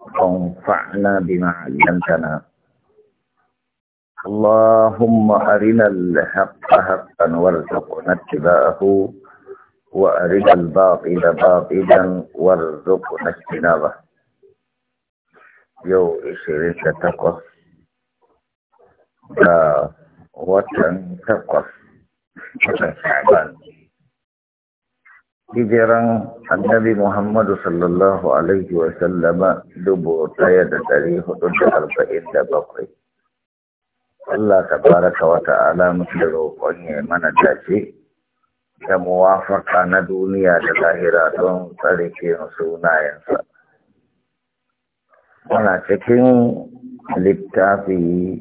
وانفعنا بما علمتنا اللهم أرنا الحق حقا وارزقنا اتباعه وأرنا الباطل باطلا وارزقنا اجتنابه يو تقف تقص وطن تقص شعبان hijiran annabi Muhammadu sallallahu Alaihi wasallama dubu ɗaya da ɗari hudu da arba'in da bakwai. Allah ka baraka wa ta'ala da roƙon ya mana dace da muwafaka na duniya da lahira don tsarki sunayensa. Muna cikin littafi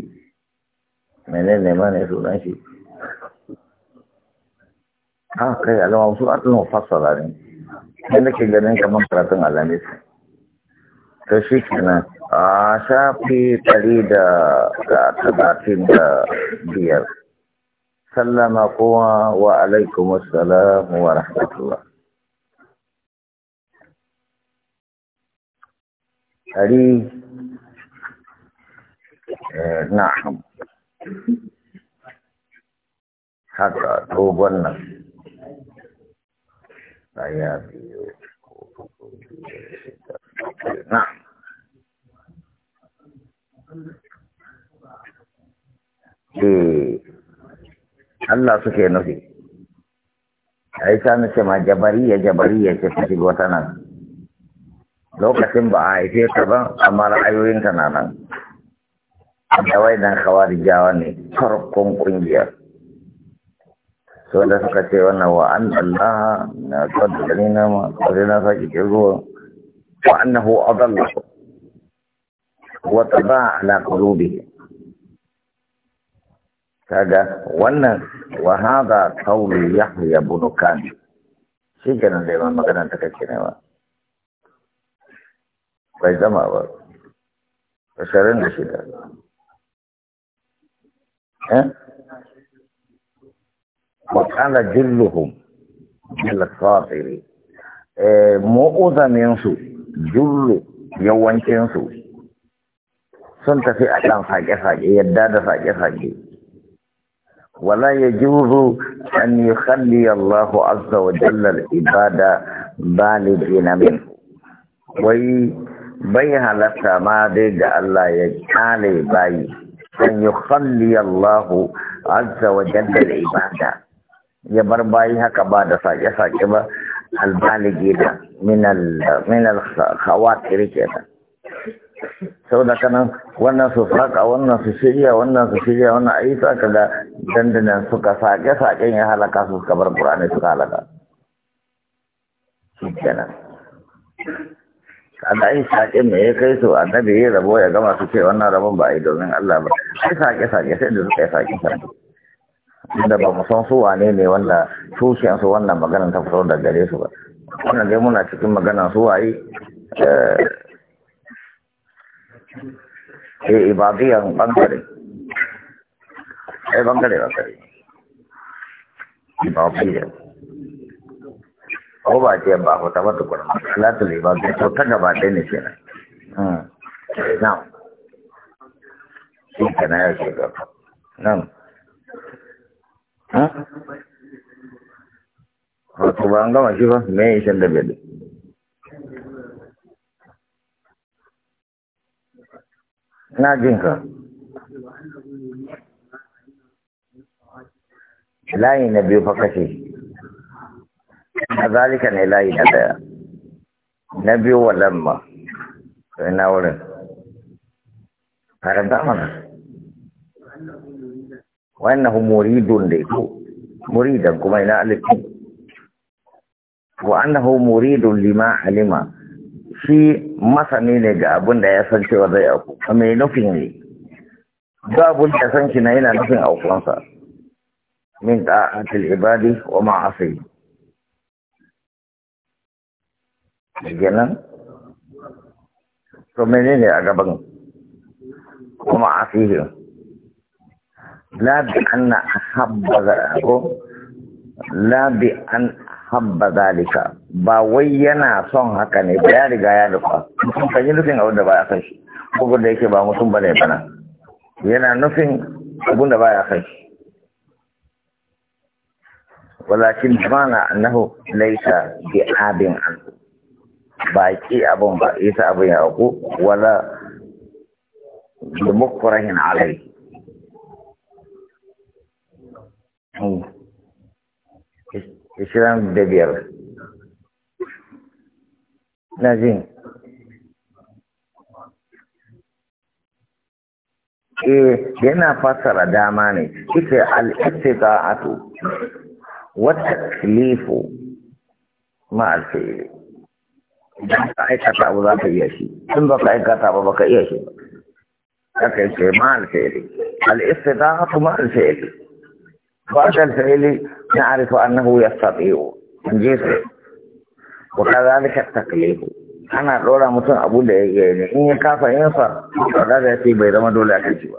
menene mana sunan shi? A kai alama su an ɗin fassara ne nake ganin kamar karatun alamis to shi a shafi ɗari da talatin da biyar sallama kowa wa alaikum salam wa rahmatullah ɗari eh, na'am haka dogon nan saya eh, biyu Allah suke nufi ai ta nace ma jabariya jabariya ce ta shigo nan lokacin ba a haife ta ba amma ra'ayoyinta na nan Dawai wai dan khawarijawa ne farkon ƙungiyar sau da suka ce wannan wa an Allah na kwadda gani na ma kwazi na sake kirgo wa annahu adalla wa taba ala qulubi kaga wannan wa hada qawlu yahya ibn kan shi kenan da imam magana ta kake ne ba bai zama ba ashirin da shida eh وقال جلهم جل الخاطر mu'uzaminsu jullu yawancinsu sun tafi a kan fage-fage yadda da fage-fage wala ya juzu an yi kalli Allah azza wa jallar ibada balidi min wai bai halatta ma dai da Allah ya kyale bayi an yi kalli Allah azza wa jallar ibada ya bar bayi haka ba da sake-sake ba albaligi da minal ke ta sau da kanan wannan su saka wannan su shirya wannan su shirya wannan a yi saka da dandanan suka sake sake ya halaka su suka bar burane suka halaka shi kenan kada yi sake me ya kai su annabi ya rabo ya gama su ce wannan rabon ba a yi domin Allah ba sai sake-sake sai da suka yi sake-sake inda ba mu san su wane ne wanda tushen su wannan magana ta fito da gare su ba wannan dai muna cikin magana su waye eh, eh ibadiyan bangare eh bangare bangare ibadiyan ko ba ce ba ko ta wata kuma salatul ibadiyan to ta gaba dai ne kenan hmm. na shi kana ya shiga nan wato ba an gama shi ba me ya shan da biyar na jin ka layi na biyu fa kashe a zalika ne layi na daya na biyu wa Sai na wurin karanta mana وأنه مريد له مريدا كما إلى ألف وأنه مريد لما علم في مثلا نجا أبن دا يسن شو ذا يأكو أما ينفين لي دا أبن يسن شنا إلى نفين أو فرنسا من طاعة العباد وما عصي Jangan, so mana ni agak bang, cuma asyik. labi'anna habba zaro labi'an habba zalika ba wai yana son haka ne ba ya riga ya nufa mutum kan yi nufin abin ba ya san shi ko da yake ba mutum bane bana yana nufin abin da ba ya san shi walakin bana annahu laisa bi abin an baki abun ba isa abun ya ku wala bi mukrahin ishirin da biyar na jin yana fassara dama ne ita al'ittiqa'atu wa taklifu ma al-fi'li idan ka aikata abu za ka iya shi tun ba ka aikata ba ba ka iya shi ba ka yi ce ma al-fi'li al-ittiqa'atu ma al فأنت الفعلي نعرف أنه يستطيع جزء وكذلك التقليد أنا رورا مثلا أبو ليجيني إن يكافى ينصر ولا يأتي بيضا ما دولا كجوا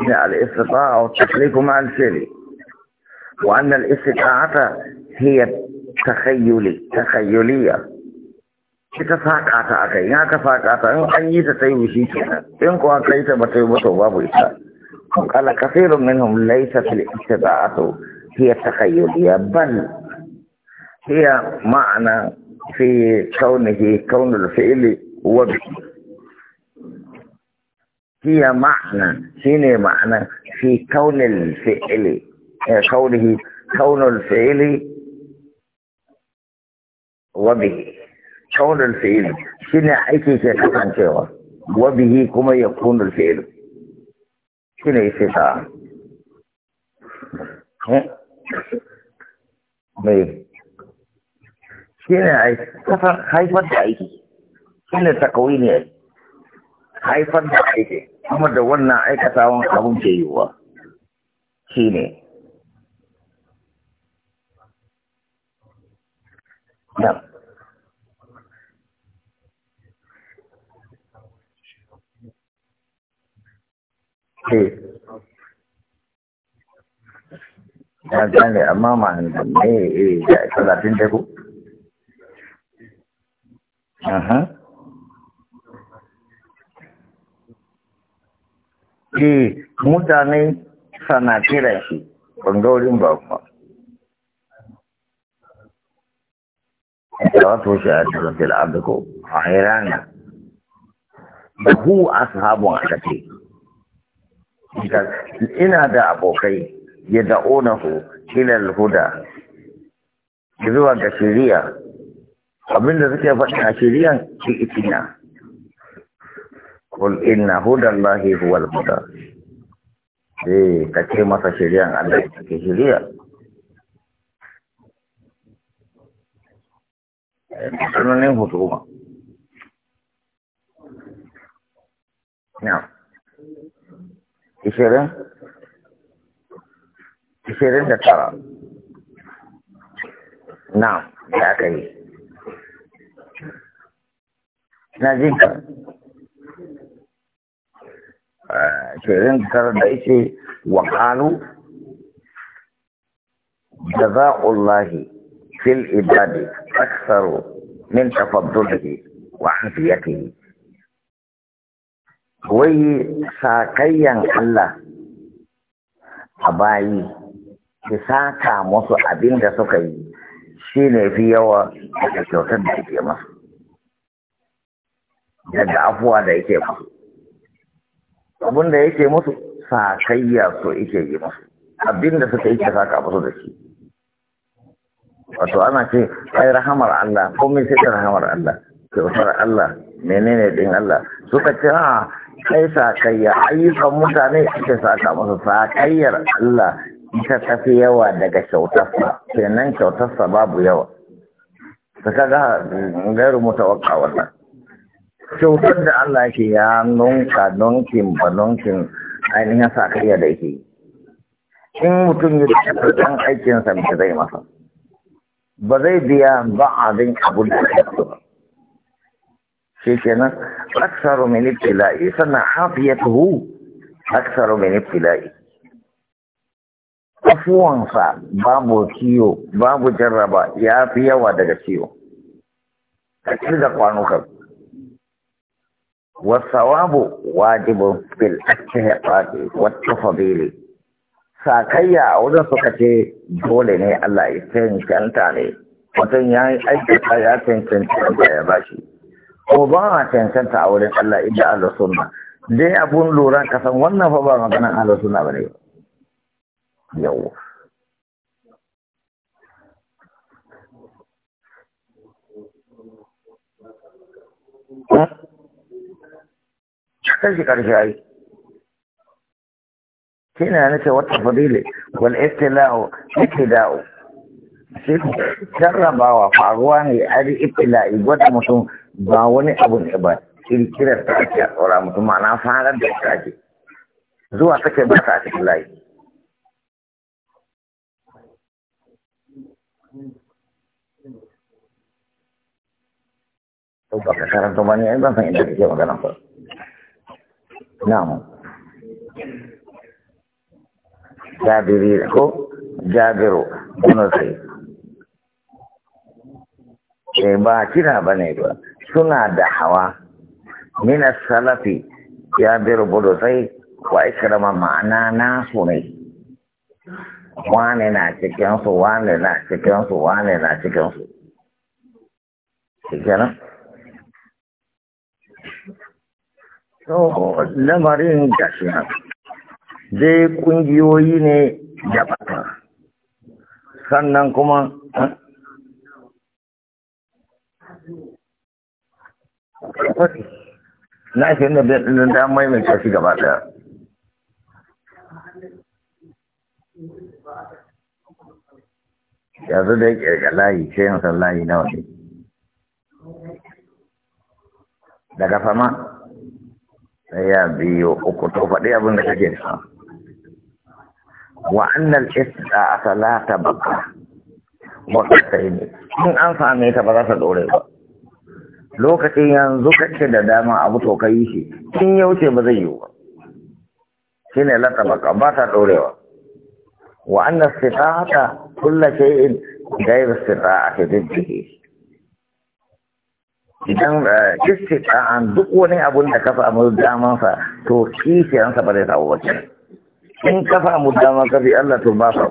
إن الاستطاعة والتقليد مع الفعلي وأن الاستطاعة هي تخيلي تخيلية كتفاك عطاك إنك فاك عطاك أن يتطيب شيء إنك وانك يتبطيب وطوباب ويسار قال كثير منهم ليست الاتباع هي تخيلية بل هي معنى في كونه كون الفعل هو هي معنى هنا معنى في كون الفعل كونه كون الفعل وبه كون الفعل شنو عيكي كتبان وبه كما يكون الفعل shi ne sai ta eh? mai shi ne a kasar haifar da aiki shi ne takawai ne haifar da aiki kuma da wannan aikatawan abin ke yiwuwa shi ne Yeah. Eh. na gane amma ne eh, da aha eh, mutane sana kira shi bangaurin ba kuma da wato shi a cikin fil'abda ko a hirana da hu ina da abokai ya da'unahu ilal huda zuwa ga shiriya abinda suke faɗi a shiriyan shi itina kul inna hudallahi huwal huda E, ka ce masa shiriyan Allah ya ke shiriya sunanin eh, hukuma na'am ishirin ishirin da tara na da aka yi na jinka eh, ishirin da tara da ishe wa da za'ullahi fil ibadi aksaru min tafaddulihi wa anfiyatihi wai sakayyan Allah a bayi ki saka musu abin da suka yi shi ne fi yawa da kyautar da ke masu yadda afuwa da yake masu, abin da yake musu sakayya so yake yi musu abin da suka yi ke saka musu da shi wato ana ce ai rahamar Allah komai sai rahamar Allah kyautar Allah menene din Allah suka ce a ah, kai sakayya ayyukan mutane ita saka masa sakayyar Allah ita tafi yawa daga kyautarsa kenan kyautarsa babu yawa ta kaga gairu mutawakka wannan kyautar da Allah ke ya nunka nunkin ba nunkin ainihin sakayya da yake in mutum ya da ɗan aikinsa mai zai masa ba zai biya ba abin abin da ya ba shi kenan aksaru min ibtila'i sannan hafiyatuhu aksaru min ibtila'i afuwansa babu kiyo babu jarraba ya fi yawa daga ciwo ka da kwanukan wasawabu wajibin fil attihaqati wattafadili sakayya a wajen suka ce dole ne Allah ya cancanta ne mutum ya yi aikata ya cancanta ya bashi ko ba na cancanta a wurin Allah inda Allah sunna dai abun lura ka san wannan fa ba maganan Allah sunna bane yau kashi karshe ai shi na nake wata fadile wal istila'u iktida'u shi jarrabawa faruwa ne ari ibtila'i gwada mutum ba wani abu ne ba kirkirar ta ake a tsora mutum ma'ana farar da ta ake zuwa take ba ta a cikin layi to ba ka karanta ba ne ban san inda kake magana ba na'am jabiri ko jabiru kuma sai eh, ba kira ba ne ba suna da hawa min salafi ya bi rubutai wa ikrama ma'ana nasu ne wane na cikin su wane na cikin su wane na cikin su shikenan so lamarin gashi dai kungiyoyi ne da sannan kuma na ashirin da biyar ɗin da maimaita shi gaba ɗaya yanzu da ya ƙirga layi ce yin san layi nawa ne daga fama sai ya biyo uku to faɗi abin da kake da wa annal a salata baka wa sai ne in an same ta ba za ta ɗore ba lokacin yanzu kake da dama abu to ka yi shi kin ya wuce ba zai yi ba shi ne latabaka ba ta ɗorewa wa annas sita'ata kulla shay'in ghayr ke diddihi idan eh, istita'an duk wani abun da ka samu daman sa to kishiyan sa ba zai samu ba in ka samu dama ka fi Allah to ba sa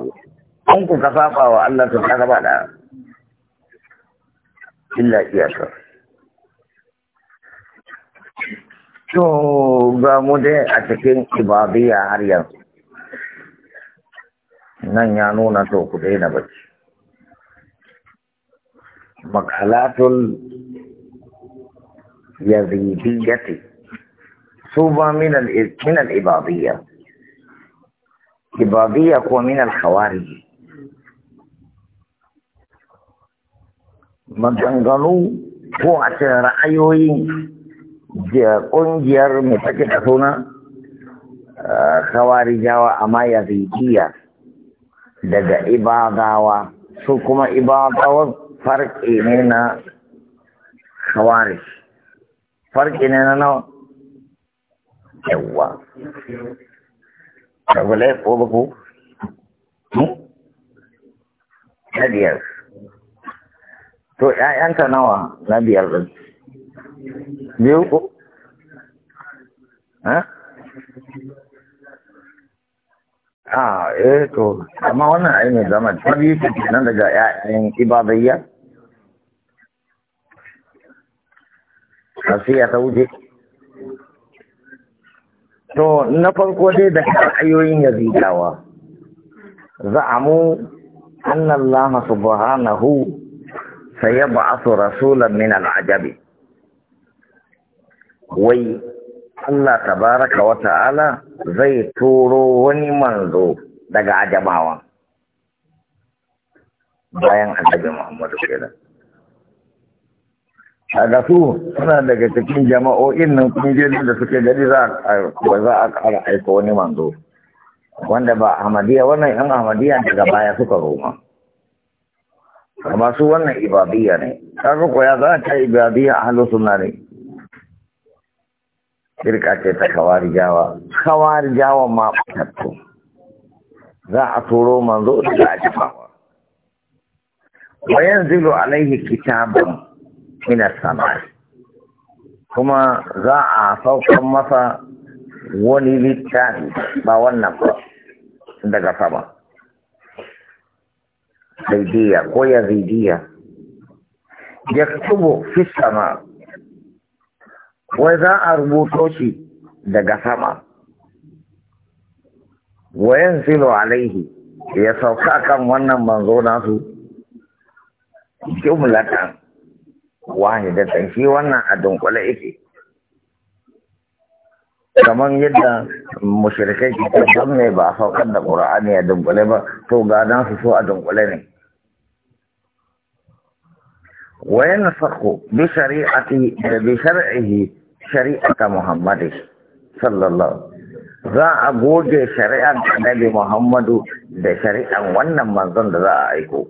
in ku ka saba wa Allah to ka ba da illa iyaka To ga mu dai a cikin ibadiyya har yanzu. Nan ya nuna to ku daina bacci. Makalatul yazidiyyati su ba min al-ibadiyya. Ibadiyya ko min al-khawariji. Maganganu ko a ce ra'ayoyin ƙungiyar mu take da suna jawa amma zikiya daga ibadawa su kuma ibadawa farki ne na kawari farki ne na nawa Yawa. ragulai ko baku hmm? na biyar to ƴaƴanta nawa na biyar ɗin biyu ko eh? a ah, eh to amma wannan ai mai zama biyu ce nan daga ƴaƴan ibadayya asiya ta wuce to na farko dai da ra'ayoyin yazidawa za'amu anna allaha subhanahu sayab'athu rasulan min al-ajabi wai Allah tabaraka wa ta'ala zai turo wani manzo daga ajamawa bayan annabi Muhammadu kenan ga su suna daga cikin jama'o'in nan kungiyoyin da suke gari za a ƙara aiko wani manzo wanda ba ahmadiyya wannan yan ahmadiyya daga baya suka roma amma su wannan ibadiyya ne kaga ko ya za ta ibadiyya ahlus sunna ne kirka ce ta kawar jawa ma fatattu za a turo manzo da za a wa yanzilu alaihi kitabun min as kuma za a saukan masa wani littafi ba wannan ba daga sama zaidiya ko ya zaidiya yaktubu fi sama wai za a rubuto shi daga sama wayan silo alaihi ya sauka kan wannan manzo nasu jumlatan wahidatan shi wannan a dunkule yake kamar yadda mushrikai ke kan ne ba a saukar da qur'ani a dunkule ba to ga dan su so a dunkule ne wayan sako bi shari'ati da bi shar'ihi shari'a Muhammadu sallallahu za a goge shari'an annabi Muhammadu da shari'an wannan manzon da za a aiko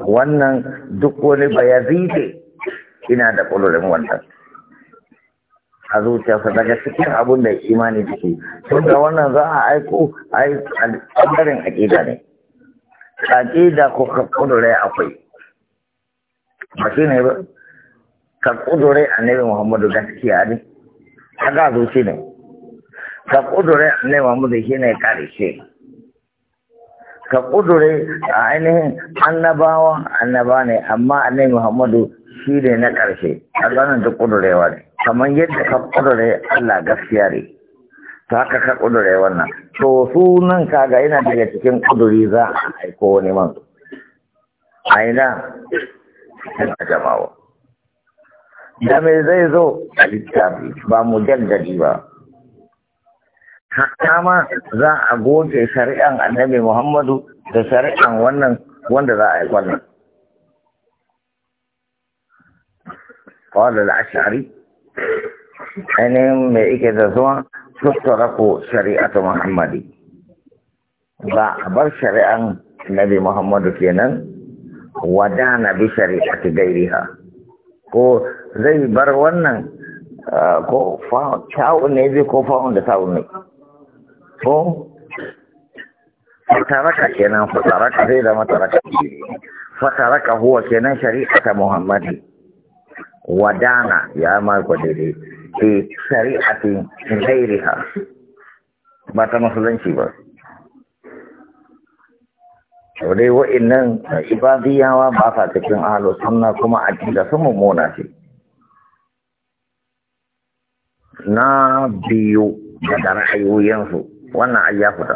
wannan duk wani bayazide ina da kullurin wannan a zuciyarsa daga cikin abin da imani take tun da wannan za a aiko a yi ɓangaren aƙida ne aƙida ko ƙudure akwai ba shi ne ba ka kudure annabi Muhammadu gaskiya ne ga zuci ne ka kudure annabi Muhammadu shine karshe ka kudure a ainihin annabawa annaba ne amma annabi Muhammadu shi ne na karshe a zanen duk kudurewa ne kamar yadda ka kudure Allah gaskiya ne ta haka ka kudure wannan to sunan kaga yana daga cikin kuduri za a aiko wani man a ina jama'a da mai zai zo a littafi ba mu gangari ba hatta ma za a goge shari'an annabi muhammadu da shari'an wannan wanda za a yi wannan kawalar ashari ainihin mai ike da zuwa suttura shari'atu muhammadu ba a bar shari'an Nabi muhammadu kenan wadana bi shari'ati ha. ko zai bar wannan ko kyawun ne zai ko fa'un da sa'un ne ko fataraka kenan fataraka zai zama taraka fataraka huwa kenan shari'ata muhammadi wadana ya mako daidai ke shari'atin ha ba ta musulunci ba dai nan ibadiyawa ba sa cikin ahlu sunna kuma da sun mummuna ce na biyu daga ra'ayoyinsu wannan mu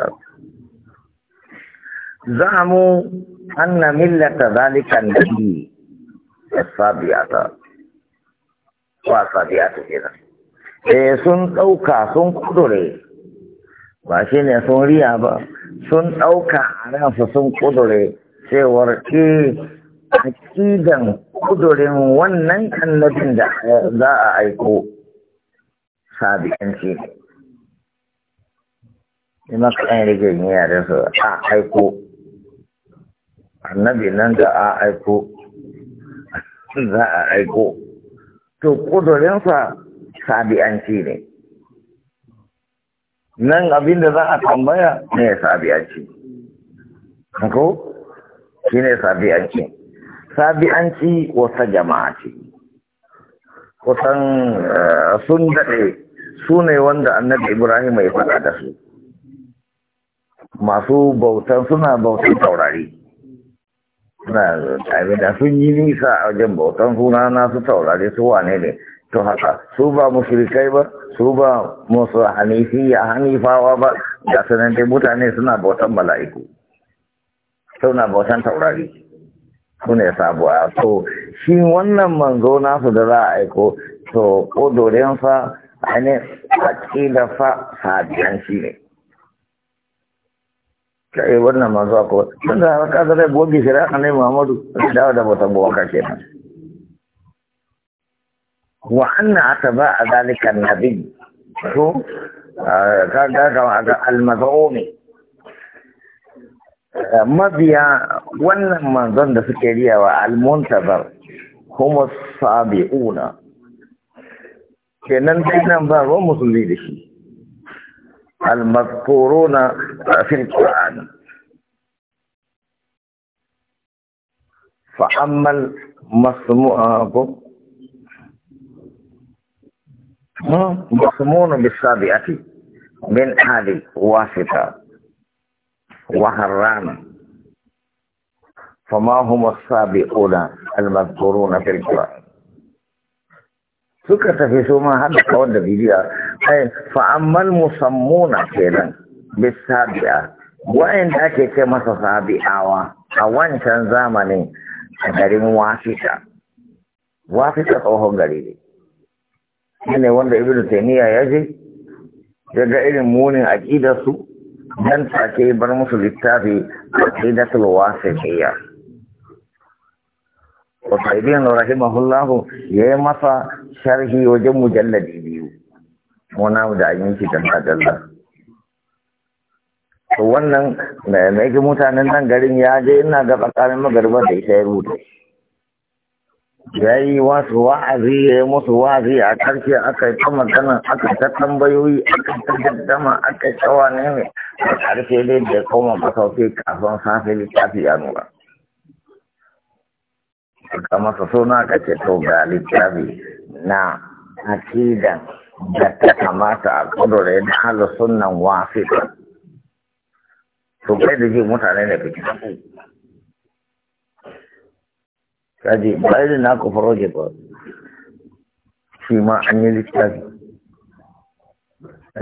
zamu anna millata zalikan nabi da sabiyata wa ke kenan eh sun dauka sun kudure ba shi ne sun riya ba sun dauka a ransu sun kudure cewar ke eh, akidan kudurin wannan annabin da za a aiko sabi'anci ne in maka ɗan rage ne yaren su a aiko annabi nan da a aiko za a aiko to ƙudurinsa sabiyanci ne nan abin da za a tambaya ne sabiyanci, ko shi ne sabiyanci sabi'anci wata jama'a ce kusan eh, sun daɗe su ne wanda annabi ibrahim ya faɗa da su masu bautan suna bautan taurari suna tare da sun yi nisa a wajen bautan suna na su taurari su wane ne to haka su ba musulkai ba su ba musu ya hanifawa ba ga sanan dai mutane suna bautan mala'iku suna bautan taurari su ne sabuwa to shi wannan manzo nasu da za a aiko to kodorensa ainihin aƙida fa sabiyan shi ne kai wannan manzo ko tun da ka zai bogi shi ran ne Muhammadu dawo da ka gowaka ba. wa anna ataba zalika nabi to ka ga ga al-mazumi mabiya wannan manzon da suke riyawa almuntazar muntazar kuma sabi'una چې نن دې نمبر و المذكورون في القران فحمل مسموع آه، ابو ها مسمون من هذه واسطه وحرام فما هم السابقون المذكورون في القران suka tafi su ma har da kawar da bidiya ai fa'ammal musammuna kenan bisabi'a wa'anda ake ce masa sabi'awa a wancan zamanin a garin wafita wafita tsohon gari ne ne wanda ibnu taymiya ya je ya ga irin munin aqidar su dan take bar musu littafi aqidatul wasitiyya وطيبين رحمه الله يمسى شرحي وجم مجلد بيو ونام دعين في جنة الله to wannan mai ga mutanen nan garin ya je ina ga tsakanin magarba da ita ya rubuta yayi yi wasu wa'azi ya yi musu wa'azi a karshe aka yi ta magana aka ta tambayoyi aka ta daddama aka yi tsawa ne a karshe dai da koma masauki kafin safe littafi ya nuna ka masa suna ka ce to ga littafi na akida da ta kamata a kudure yadda hala sunan ba, to kai da ji mutane da fi kitabu kaji ba na ku faroje ba shi ma an yi littafi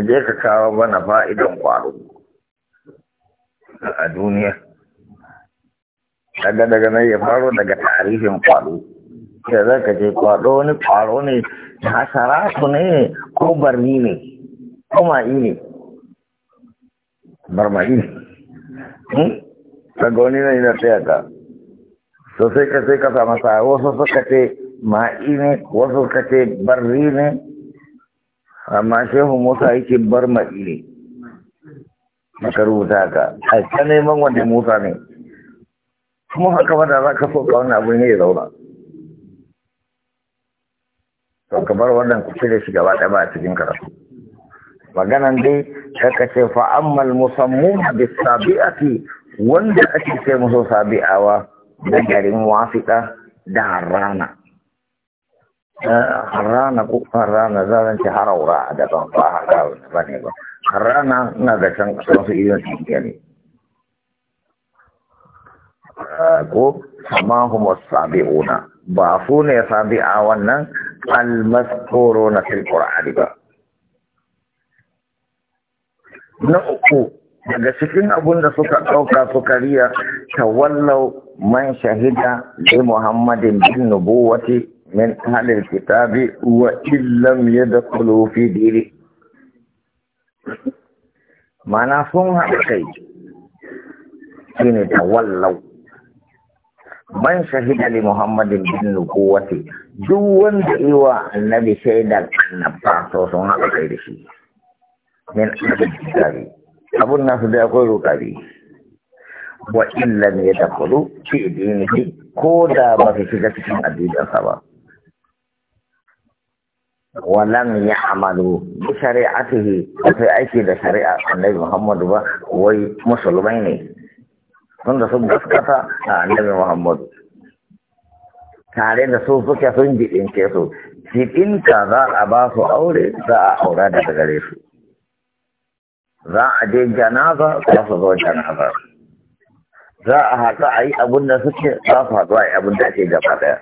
je ka kawo bana fa'idan kwaro a duniya daga daga nan ya faro daga tarihin kwado da za ka ce kwado wani kwaro ne hasaratu ne ko barni ne ko ma'i ne barma'i ne hmm? daga wani nan yana tsaya ka so sai ka sai ka sa masa wasu suka ce ma'i ne wasu suka ce barri ne amma shehu musa yake barma'i ne maka rubuta ka ai ta neman wanda musa ne kuma haka ba da za ka so ka wani abu ne ya zauna to ka bar wannan ku cire shi gaba ɗaya ba a cikin karatu maganan dai ka ce fa ammal musammun bis fi wanda ake ce musu sabi'awa da garin wafiɗa da harrana eh, harrana ko harrana zan ce haraura da ban ba haka ba ne ba harrana na da can kasan su iya cikin gani. ko amma humus sabi'una ba su ne a wannan almaskoro na fil ba na uku daga cikin abun da suka ɗauka sukariya ta wallau man shahida li muhammadin bin nubuwati min ahlil kitabi wa illam da fi dini mana sun haɗa kai shi ne ta wallau. man shahida li muhammadin bin nubuwati duk wanda iwa annabi shaidar annabta to sun haɗa kai da shi min abin kitabi abun nasu da akwai rukari wa illa illam da fi nufi? ko da ba su shiga cikin addininsa ba ya ta sai aiki da shari'a annabi Muhammadu ba wai Musulmai ne? sun sun gaskata a annabi Muhammadu. Tare da su suke sun jiɗinke su, jiɗinka za a ba su aure za a aura daga gare su. Za a je janaza za su zo janaza. Za a haɗu a yi abin da suke za su haɗu a yi abin da ake gaba ɗaya.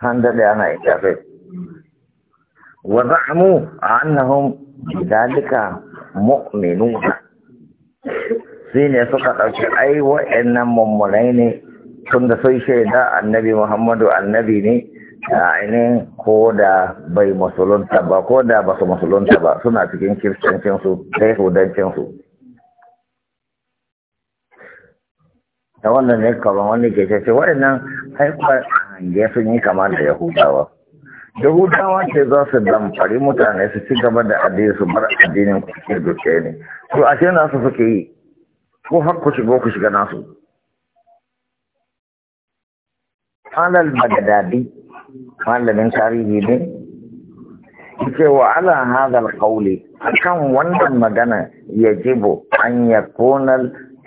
An daɗe ana kafe Wa za'amu a annahun bidalika mu'minuna. shi ne suka ɗauki ai wa'annan mummunai ne tun da sun shaida annabi muhammadu annabi ne da ainihin ko da bai musulunta ba ko da ba su musulunta ba suna cikin kiristancinsu da yahudancinsu da wannan ne kawai wani ke ce waɗannan haifar hange sun yi kama da yahudawa yahudawa ce za su damfari mutane su ci gaba da addini su bar addinin kusurduke ne to ashe na su suke yi ko har ku shigo ku shiga nasu alal bagdadi malamin tarihi ne yake wa ala hadal qawli akan wannan magana yajibu an yakuna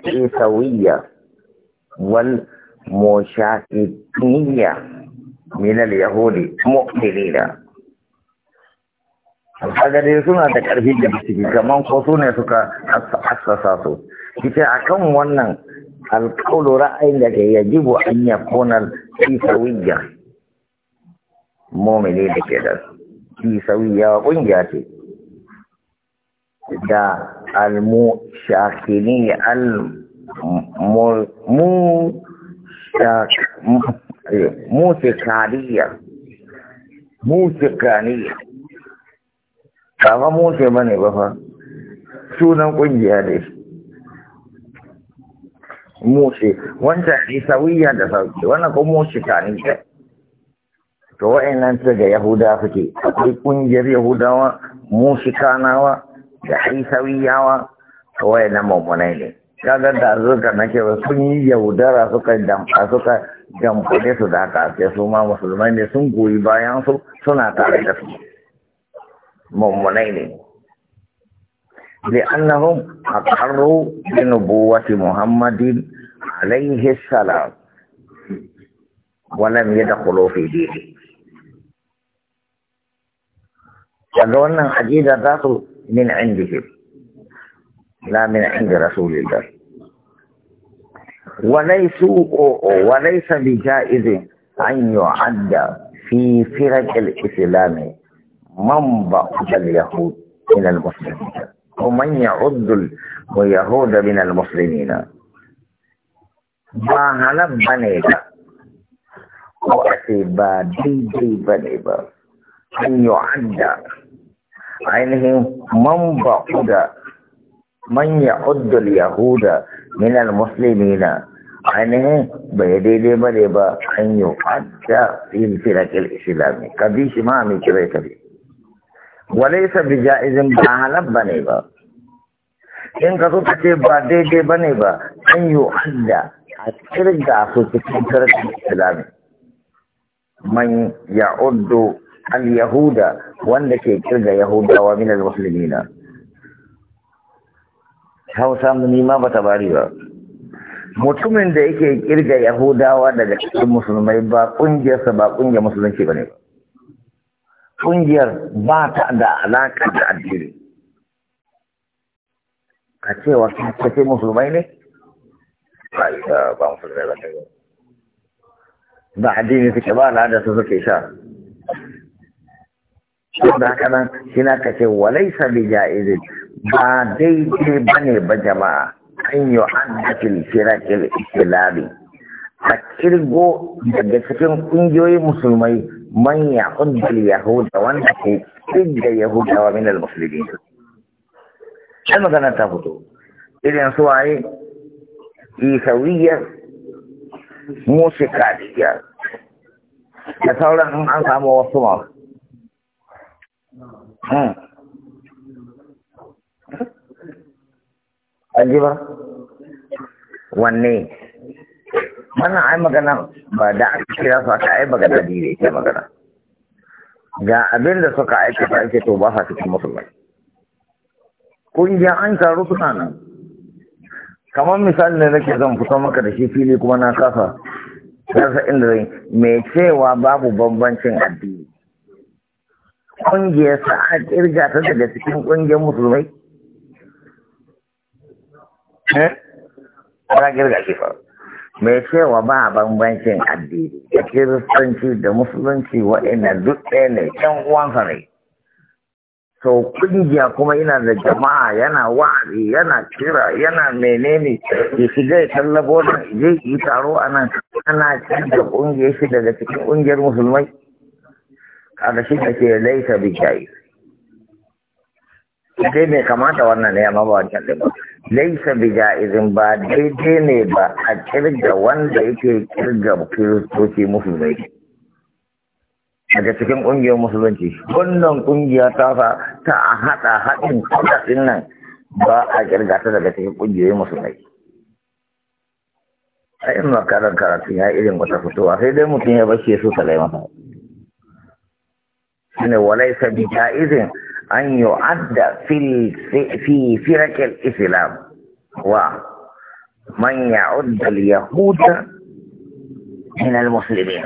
al-qisawiyya wal mushaqiyya min yahudi mu'minina kaga dai suna da ƙarfi da ciki kamar ko su ne suka assasa su kita akan wannan alƙawlu ra'ayin da ke bu an yakuna fi sawiyya momini da ke da fi sawiyya kungiya ce da al-mushakini al-mu musikaniya eh, musikaniya ba fa musik bane ba fa sunan kungiya ne mushe wancan isawiyya da sauki wannan ko mushe ka ne to wa'annan su ga yahuda suke akwai kungiyar yahudawa mushikanawa da wa? to wa'annan mummunai ne kaga da zuka nake ba sun yi yaudara suka damfa suka damfane su da haka sai su ma musulmai ne sun goyi bayan su suna tare da su mummunai ne لأنهم أقروا بنبوة محمد عليه السلام ولم يدخلوا في دينه قالوا أن الحديث ذاته من عندهم لا من عند رسول الله وليس وليس بجائز أن يعد في فرق الإسلام منبع اليهود من المسلمين ومن يعد اليهود من المسلمين باهلا بنيدا وقتي دي دي بنيبا ان يعد عينه من بعد من يعد اليهود من المسلمين عينه بيدي دي بنيبا ان يعد في الفرق الاسلامي قديش ما من كبير كبير walaisa bi ja'izin ba halal bane ba in ka so kace ce ba daidai bane ba an yi hadda a kirga su cikin tarkin islami man uddu al-yahuda wanda ke kirga yahudawa min al-muslimina hausa nima ba ta bari ba mutumin da yake kirga yahudawa daga cikin musulmai ba kungiyarsa ba kungiyar musulunci bane ba Kungiyar ba ta da alaƙa da addini ka cewa ta kace musulmai ne ba musulmai ba ta ba addini suke ba al'ada su suke sha da haka nan shi na ka ce sabi bi ja'izin ba daidai ba ne ba jama'a an yi addafin firakil islami a kirgo daga cikin kungiyoyin musulmai man ya'uddul yahuda wanda ke tsigga yahudawa min al-muslimin sai magana ta fito irin su waye isawiyar musikadiyar da sauran an samu wasu ma ajiba wanne wannan ai magana ba da aka kira su aka ai magana biyu da ita magana ga abin da suka aikata ake to ba sa cikin musulmai kungiya an taru suna nan kamar misali ne nake zan fito maka da shi fili kuma na kasa kasa inda zai mai cewa babu bambancin addini kungiyar sa a kirga ta daga cikin kungiyar musulmai eh ana kirga shi fa mai cewa ba bambancin addini da kiristanci da musulunci waɗanda duk ɗaya ne ƴan uwansa ne to ƙungiya kuma yana da jama'a yana wa'azi yana kira yana menene ya shiga ya tallabo da zai yi taro a nan ana da kungiyar shi daga cikin kungiyar musulmai kaga shi da ke laisa bi sai bai kamata wannan ne amma ba wancan ɗin ba laisa bija'izin ba daidai ne ba a kirga wanda yake kirga kiristoci musulmai daga cikin ƙungiyar musulunci wannan ƙungiya ta fa ta a haɗa haɗin kuɗaɗin nan ba a kirga ta daga cikin ƙungiyoyin musulmai a yin makarar karatu ya irin wata fitowa sai dai mutum ya bashi ya so ta lai masa shine walaisa bija'izin أن يعد في في فرق الإسلام ومن يعد اليهود من المسلمين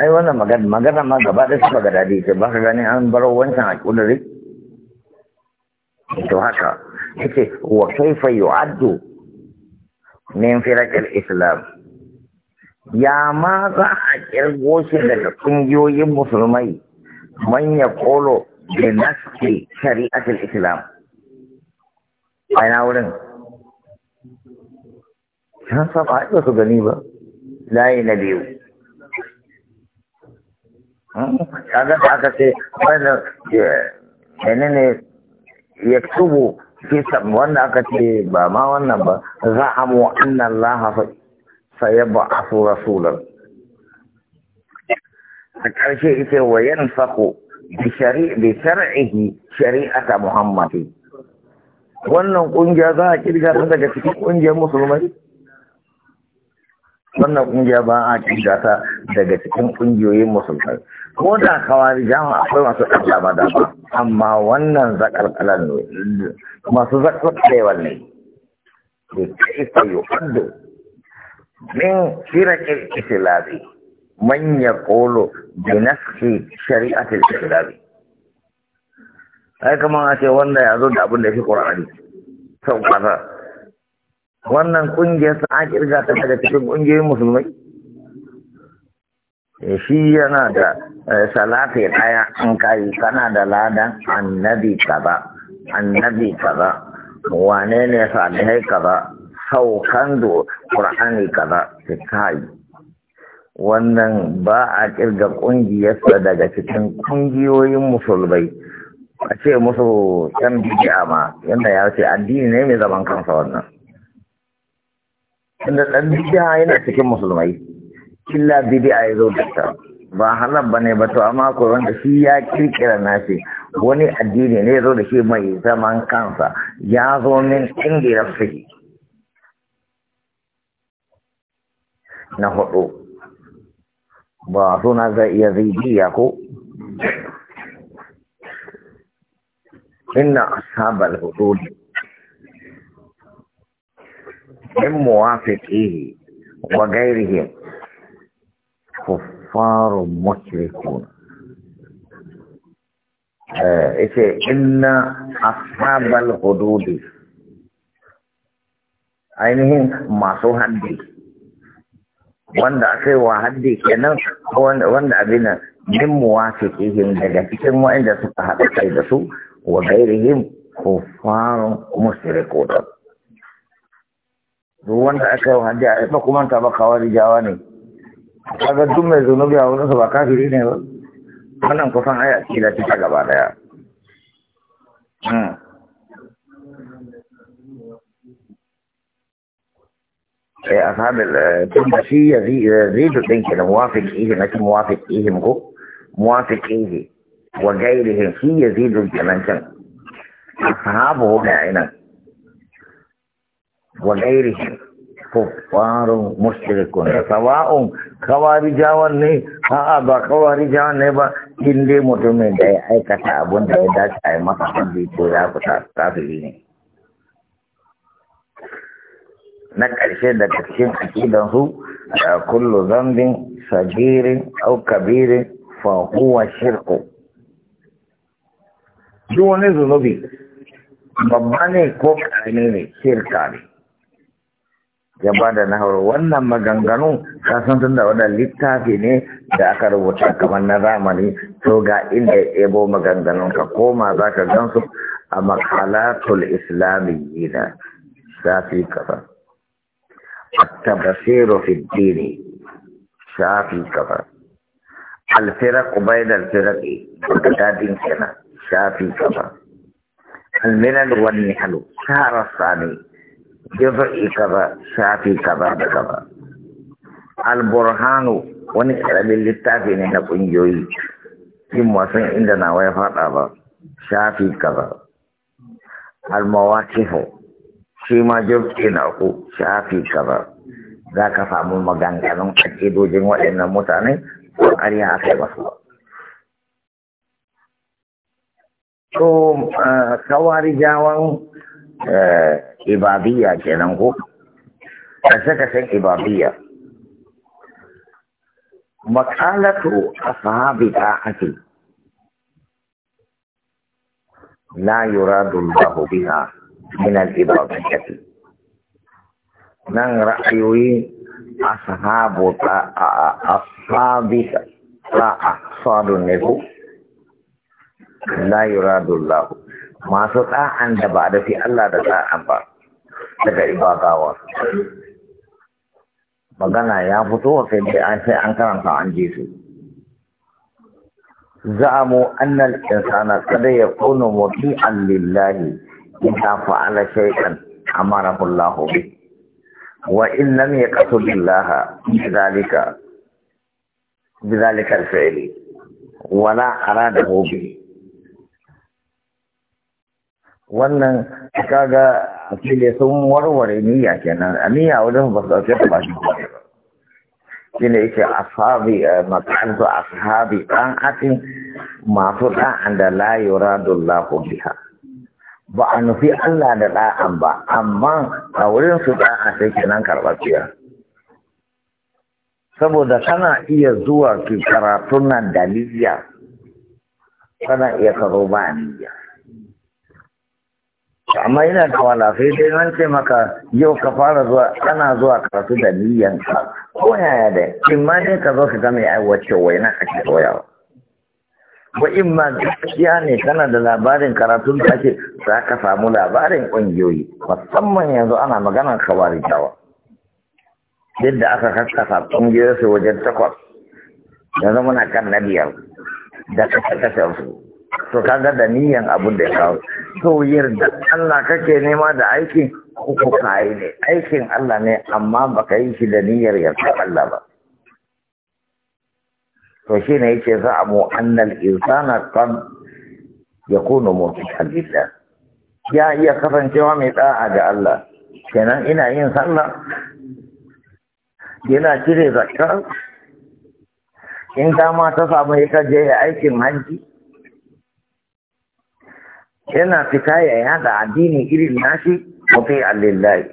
أي والله مجد مجد ما قبل اسمه قدادي تبقى غني يعني عن برو وين سانك ولا ريك توهاكا هو كيف يعدو min firakil islam ya ma za a kirgo shi daga kungiyoyin musulmai manya kolo da naske shari'atul islam a ina wurin can saba a ba su gani ba layi na biyu hmm, kaga da aka ce wani eh, ne ya tubo. kisa wanda aka ce ba ma wannan ba za a mu annan lahafa saye ba a su rasular a ƙarshe ita wa yan sako bi shari'ihi shari'ata Muhammadu. wannan ƙungiya za a ƙirga daga cikin ƙungiyar musulmai wannan kungiya ba a kinga ta daga cikin kungiyoyin musulmai ko da kawari jama'a akwai masu ba da ba amma wannan zakalkalan ne masu zakalkalewan ne da kaifa yuqaddu min shirakil islami man yaqulu bi nafsi shari'atil islami ai kamar a ce wanda ya zo da abin da ya fi ƙwararri sau ƙasa wannan kungiyar sun an kirga ta daga cikin ƙungiyoyin musulmai eh, shi yana da eh, salafi ɗaya an kai kana da ladan annabi kaza annabi kaza wane ne salihai kaza saukan do qur'ani kaza ta kai wannan ba a kirga ƙungiyarsa daga cikin ƙungiyoyin musulmai a ce musu yan bidi'a ma yadda ya ce addini ne mai zaman kansa wannan inda dan bid'a yana cikin musulmai illa bid'a ya zo da ta ba halal bane ba to amma ko wanda shi ya kirkira nashi wani addini ne ya zo da shi mai zaman kansa ya zo min inda ya fi na hudu ba suna zai iya zidiya ko inna ashabal hudud min muwafiqihi wa ghairihi kuffarun mushrikun yace inna ashabal hududi ainihin masu haddi wanda aka yi wa haddi kenan wanda abin nan min muwafiqihim daga cikin wa'inda suka haɗa kai da su wa ghairihim kuffarun mushrikun duk wanda aka yi hajji a ba kuma ta ba kawar jawa ne kaga duk mai zunubi a wurinsa ba kafiri ne ba wannan kusan aya ce da ta gaba daya sai hmm. eh, ashabul eh, tun da shi ya eh, zidu din ke da muwafiq ihe na ci muwafiq ihe ko muwafiq ihe wa gairihin shi ya zidu kenan can ashabu ga ina wa gairihin kuffarun mushrikun sawa'un kawarijawan ne a'a ba kawarijawan ne ba in dai mutumin da ya aikata abin da ya dace a yi masa hannu ko ya fita kafiri ne na ƙarshe da cikin akidan su a kullu zambin sagirin au kabirin fa huwa shirku duk wani zunubi babba ne ko ƙarami ne shirka ne ya ba da nahar wannan maganganu kasan tun da wadda littafi ne da aka rubuta kamar na zamani to ga inda ya ebo maganganun ka koma za ka su a makalatul islamiyyina shafi kafa kafa alfira kubai da alfira ne da kenan shafi كنا شافي كفر wani halu شهر ne. jafa'i kaba shafi kaba da kaba alburhanu wani karamin littafi ne na kungiyoyi yin wasan inda na waya fada ba shafi kaba almawakifu shi ma jirki na ku shafi kaba za ka samu maganganun kakidojin waɗannan mutane ko ƙarya a kai masu ba to kawari ibadiyya kenan ko kashe kashen ibadiyya makalatu ashabi ta'ati la yuradu Allahu biha min al-ibadiyyati nan ra'ayoyi ashabu ta ashabi ta ashabu ne ko la yuradu Allahu masu tsa'an da ba da fi Allah da tsa'an ba daga ibadawa magana ya fito sai dai an sai an karanta an ji su za'amu annal insana kada ya kunu muti'an lillahi idan fa'ala shay'an amarahu Allah bi wa in ya kaso billaha bidhalika bidhalika al Wala wala da bi wannan kaga fili sun warware niyya kenan a niyya wajen ba su dauke ta ba shi ba shi ne yake ashabi eh, makantu ashabi ɗan atin masu da'an da la yuradullahu biha ba a nufi Allah da da'an ba amma a wurin su da'a sai kenan karɓaciya saboda kana iya zuwa ki karatun nan da kana iya karo ba niyya amma yana da wala sai dai nan ce maka yau ka fara zuwa kana zuwa karatu da niyyanka ko yaya da in ma dai ka zo ka ga mai aiwace waina kake koyawa wa in ma gaskiya ne kana da labarin karatu da ake za ka samu labarin ƙungiyoyi musamman yanzu ana maganar kawari tawa yadda aka kaskasa su wajen takwas yanzu muna kan na biyar da kasa su to kaga da niyan abun da ya kawo to yarda Allah kake nema da aikin ku kai ne aikin Allah ne amma baka yi shi da niyyar yarda Allah ba to shi ne yake za a mu annal insana kan kuno mu hadisa ya iya kasancewa mai da'a ga Allah kenan ina yin sallah yana cire zakka in dama ta samu yakan je aikin hanji yana fita ya yada addini irin nashi mutai alillahi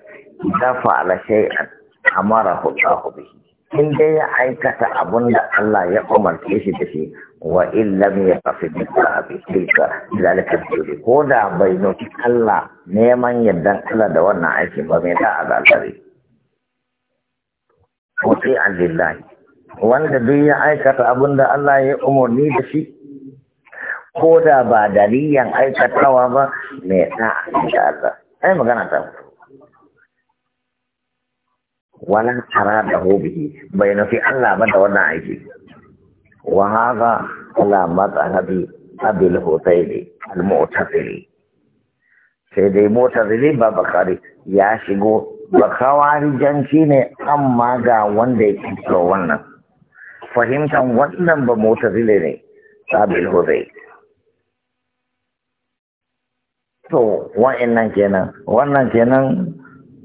idan fa'ala shay'an amara hudahu bihi in dai ya aikata abun da Allah ya umarce shi da shi wa in lam yaqfi bi sabi tilka zalika bi ko da bai nufi Allah neman yadda Allah da wannan aiki ba mai da azalare mutai alillahi wanda duk ya aikata abun da Allah ya umarni da shi ko da ba daliyan aikatawa ba mai ta insha Allah ai magana ta wala tara da hobi bai nufi Allah ba da wannan aiki wa hadha ala madhhabi abul hutayli al mu'tazili sai dai mu'tazili ba bakari ya shigo bakawari janci ne amma ga wanda ya so wannan fahimtan wannan ba mu'tazili ne abil hutayli to nan kenan wannan kenan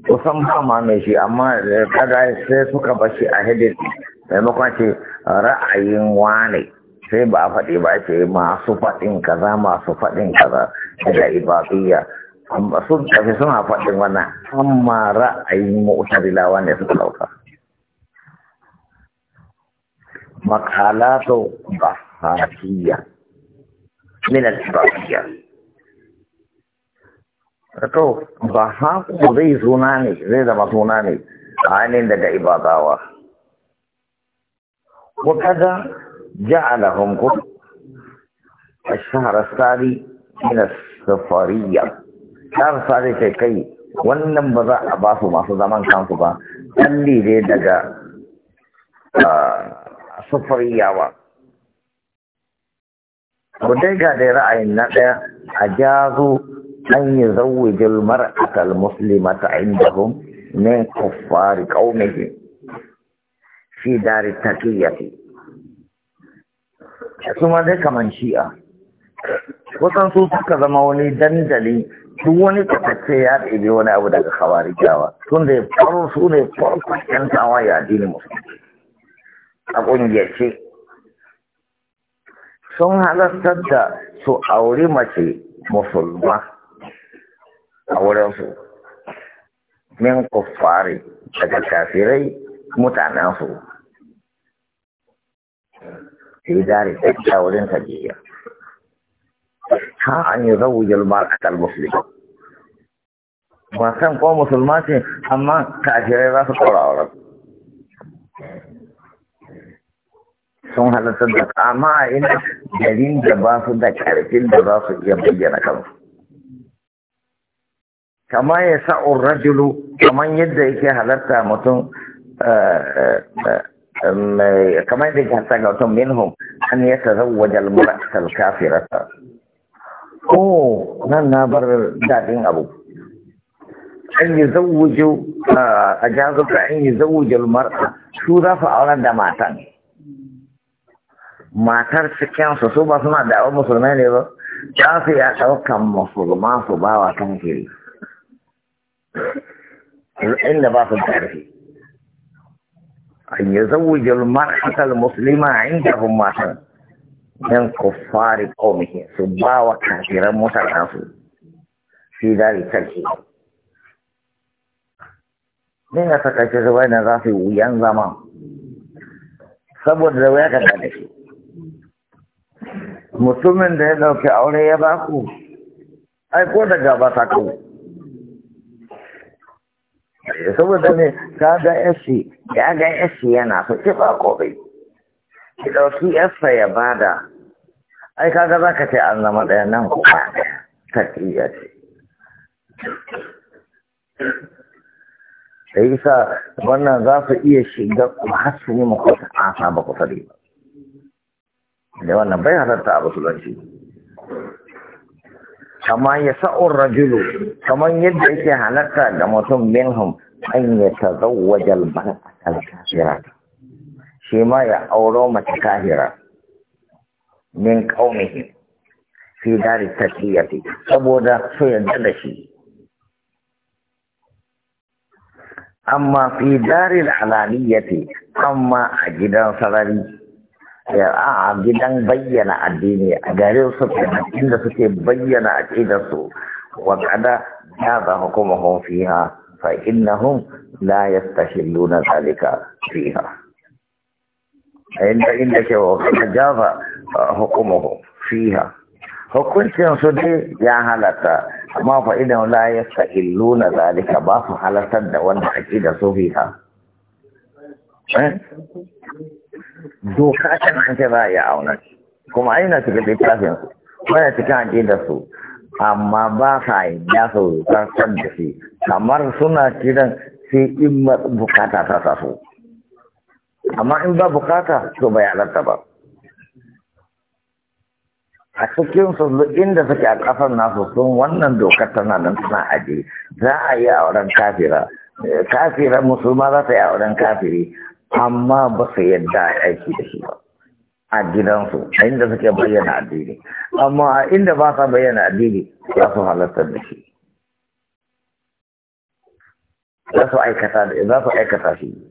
kusan ba ma mai shi amma kada sai suka bashi a hidin maimakon ce ra'ayin wane sai ba a faɗi ba ce masu faɗin kaza masu faɗin kaza da ibadiyya sun tafi suna faɗin wannan amma ra'ayin mu'tazilawa ne suka ɗauka to ba haku zai suna ne zai zama suna ne a hannun daga ibadawa ko kada alahun ku a sari tsari ina safariya, shahar sari kai kai wannan ba za a ba masu zaman kansu ba ɗan lide daga safariya ba ku dai ga da ra'ayin na ɗaya a jazo an yi zawujil mar'atal muslimata indahum ne kuffari ta fi dari taqiyati kuma zai kaman shi'a kusan su suka zama wani dandali duk wani tsakacce ya ɗebe wani abu daga khawarijawa tun da faru su ne farko yan ya addinin musulmi a ƙungiyarce sun halartar da su auri mace musulma a wurinsu min kuffari daga kafirai mutanensu sai dare ta wurin tajiya ha an yi zawujal mar'atal muslima matan kuma musulma ce amma kafirai za su kora auren sun halatta da kama a ina garin da ba su da ƙarfin da za su iya bayyana kansu kama ya sa'ur rajulu kaman yadda yake halarta mutum eh, eh, eh, kamar yadda yake halarta ga mutum minhum an ya tazawwaja al-mar'ata al-kafirata oh nan na bar daɗin abu an yi zawuju a jazuka an yi zawuju al-mar'a su za su auren da matan matar cikinsu su ba suna da musulmai ne ba za su a ɗaukan musulma su ba wa kan kiri inda ba su tarihi an yi zawujin mar'atar musulma a inda hun matan yan kuffari ƙaumihi su ba wa kafiran mutanen su fi dari sarki ne na saka zuwa na za su yi wuyan zama saboda da wuya ka da shi mutumin da ya dauki aure ya baku ai ko daga ba ta kawo Eh, saboda ne ka ga yashi ya ga yashi yana so ki ba kobe ki ɗauki yasa ya bada ai kaga za zaka ce an zama ɗaya nan kuma ta tiya ce da isa wannan za su iya shiga kuma har su yi makwata an saba kusa da wannan bai halarta a musulunci kama ya sa'ur rajulu kamar yadda yake halatta da mutum minhum an ya tazawwaja al-bar'a kafira shi ma ya auro mace kahira min ƙaunihi fi dari taqiyati saboda so yadda da shi amma fi dari da amma a gidan sarari a gidan bayyana addini a garin su inda suke bayyana a su, wa kada ya za hukumuhum fiha fa innahum la yastahilluna zalika fiha inda inda ke wa kada hukuma hukumuhum fiha hukuncin su dai ya halatta amma fa idan la yastahilluna zalika ba su halartar da wanda da su fiha eh? doka ta nan ta za a iya auna shi kuma aina cikin littafin su wani cikin aƙidar su amma ba sa yi ya sau san da shi kamar suna kiran sai in ba bukata ta taso amma in ba bukata to bai halatta ba a cikin su inda suke a kasar nasu sun wannan dokar tana nan tana aji. za a yi auren kafira kafira musulma za ta yi auren kafiri amma ba su yadda a aiki da shi ba a gidansu a inda suke bayyana addini amma a inda ba sa bayyana addini za su halartar da shi za su aikata shi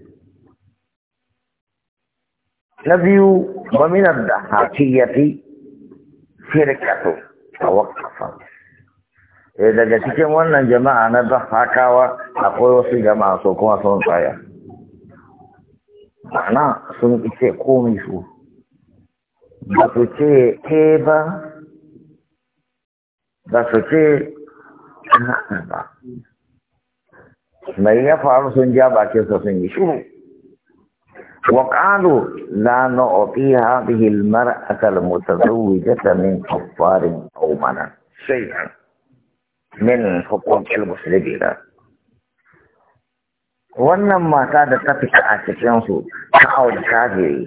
na biyu ba minar da hakiyyati firkatu a wakafa eh, daga cikin wannan jama'a na zafakawa akwai wasu jama'a so kuma sun tsaya معناه شنو إيش يقوم يشوف بس شيء كيف بس شيء نعم ما يفعل سنجاب أكيد سنجي شوف وقالوا لا نعطي هذه المرأة المتزوجة من كفار أو منا شيئا من حقوق المسلمين wannan mata da ta fita a cikinsu ta auri kafiri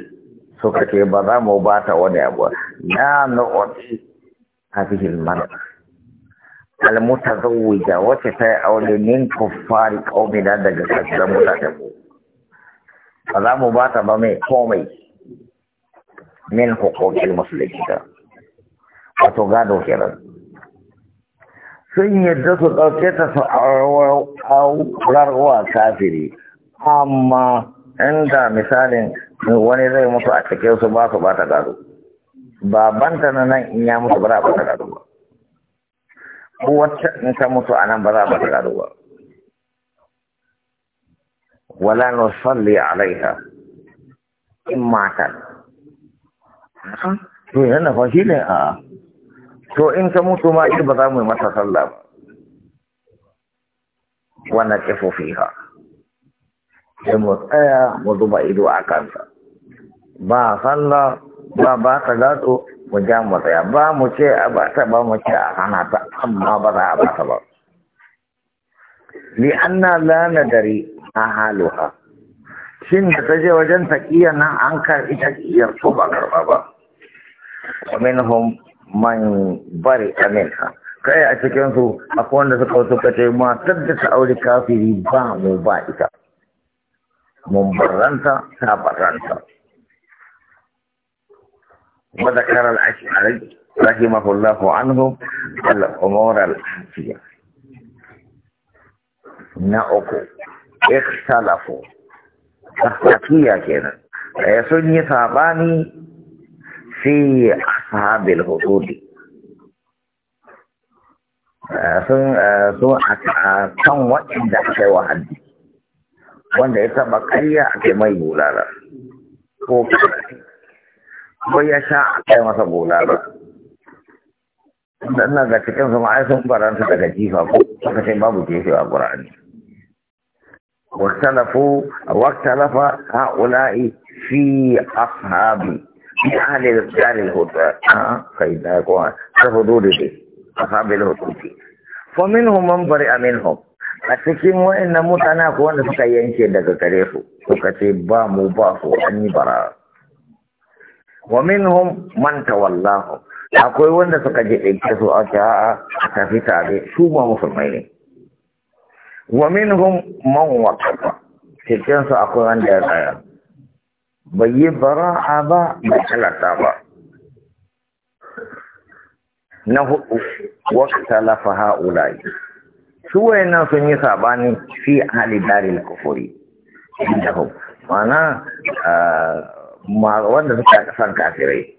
suka ce ba za mu ba ta wani abu ya nu'ati hadhihi al-mar'a al-mutazawwija wacce ta yi aure fari kuffari qaumina daga muta da mu ba za mu ba ta ba mai komai min musulunci ta wato gado kenan sun yadda su ɗauke ta su aurarwa kafiri amma inda misalin wani zai mutu a cikin su ba su ba ta gado babanta na nan in ya mutu ba za a ba ta gado ba wacce in ta mutu a nan ba za a ba ta gado ba wala salli alaiha in matan to yana fa ne a to in ka mutu ma ba za mu yi masa sallah ba wannan ƙifo fiha sai mu tsaya mu zuba ido a kansa ba sallah ba ba ka gato mu ja mu tsaya ba mu ce a ba ta ba mu ce a hana ta amma ba za a ba ta ba li anna la nadari a haluha shin da ta je wajen taƙiyar nan an karɓi ƙiyar ko ba karɓa ba minhum man bari a aminha kai a cikin su akwai wanda suka wasu kace matar da ta aure kafiri ba mu ba ita mun barranta ta barranta wa zakara al-ash'ari rahimahullahu anhu al-umur al-hafiyah na uku ikhtalafu hakiya kenan Ya sun yi sabani في أصحاب hududi sun so a kan waɗanda aka yi wa haddi wanda ya taba ƙarya a kai mai bulala ko ko ya sha a kai masa bulala dan ga cikin su ma'ai sun faranta daga jifa ko suka ce babu a ƙura'ani waktalafu waktalafa ha'ula'i fi ashabi في أهل الدار الهدى فإذا قوان كفدود دي أصحاب الهدود فمنهم من برئ منهم a cikin wa'annan mutane ko wanda suka yanke daga gare su suka ce ba mu ba su an yi bara wa minhum man tawallahu akwai wanda suka je ɗauke su a ce a'a tafi tare su ma musulmai ne wa minhum man waqafa cikin su akwai wanda ya tsaya bai yi bara'a ba bai halatta ba na hudu wakta lafa ha'ulai su wayannan sun yi sabani fi hali daril kufuri indahum mana wanda ah, suka kasan kafirai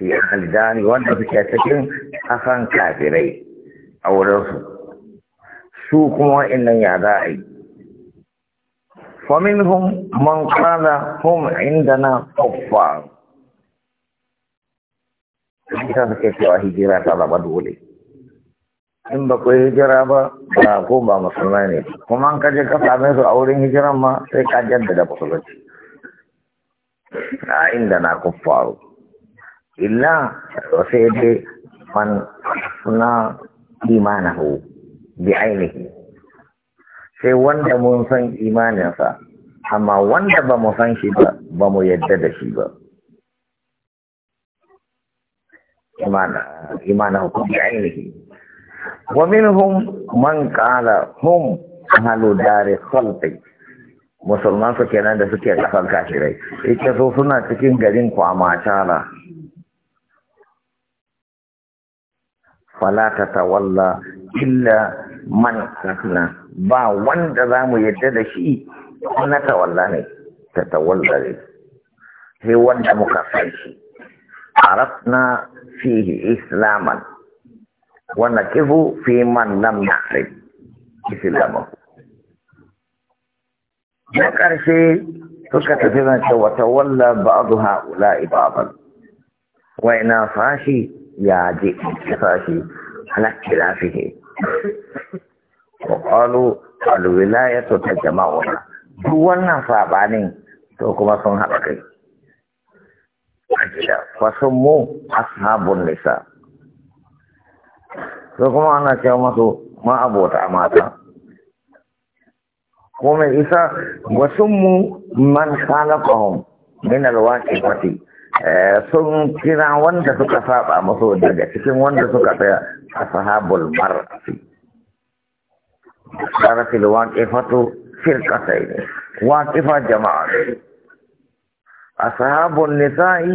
fi hali dari wanda suke cikin kasan kafirai a wurinsu su kuma wa'annan ya za a yi فمنهم من قال هم عندنا كفار kita suke cewa hijira ta zama dole in ba ku hijira ba ba ko ba musulmai ne kuma an kaje ka same su a wurin hijiran ma sai ka jaddada musulunci na inda na kuffaru illa sai dai man na imanahu bi ainihi sai wanda mun san imaninsa amma wanda ba mu san shi ba ba mu yadda da shi ba imana hukumi ainihi wa hum man ƙara hum ahlu dare khalqi musulman su kenan da suke kafar kafirai ita so suna cikin garin kwama kwamatala fala walla illa man akna ba wanda za mu yadda da shi na tawalla ne ta tawalla ne sai wanda muka san shi arafna fihi islaman wa naqifu fi man lam na'rif islamahu da ƙarshe suka tafi zance wa tawalla ba'du ha'ula'i ba'dan wa ina fashi ya je fashi ala khilafihi kwakwalo alwila ya wilayatu tajma'una duk wannan sabanin to kuma sun haɗa kai ajiya fasin mu ashabun nisa to kuma ana cewa masu maabota abota mata ko isa wasu mu man khalaqahum min al eh, sun kira wanda suka saba musu daga cikin wanda suka tsaya ashabul mar'ati Karafin waken fato shirka saini, wa kefa jama'a ce. nisa'i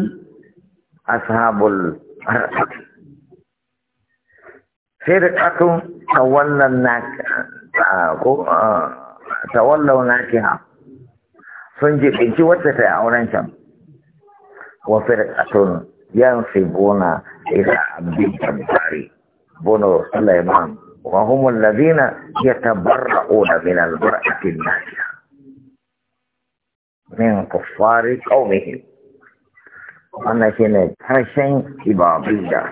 a sabon harakati. Fere katon ta wannan naki ha, ta wallau naki ha, son je ɓe ci warta ta auran can. Wace ratatton yanshi bona وهم الذين يتبرؤون من المرأة الناجية من Min kuffari wannan shi ne tashin ibabida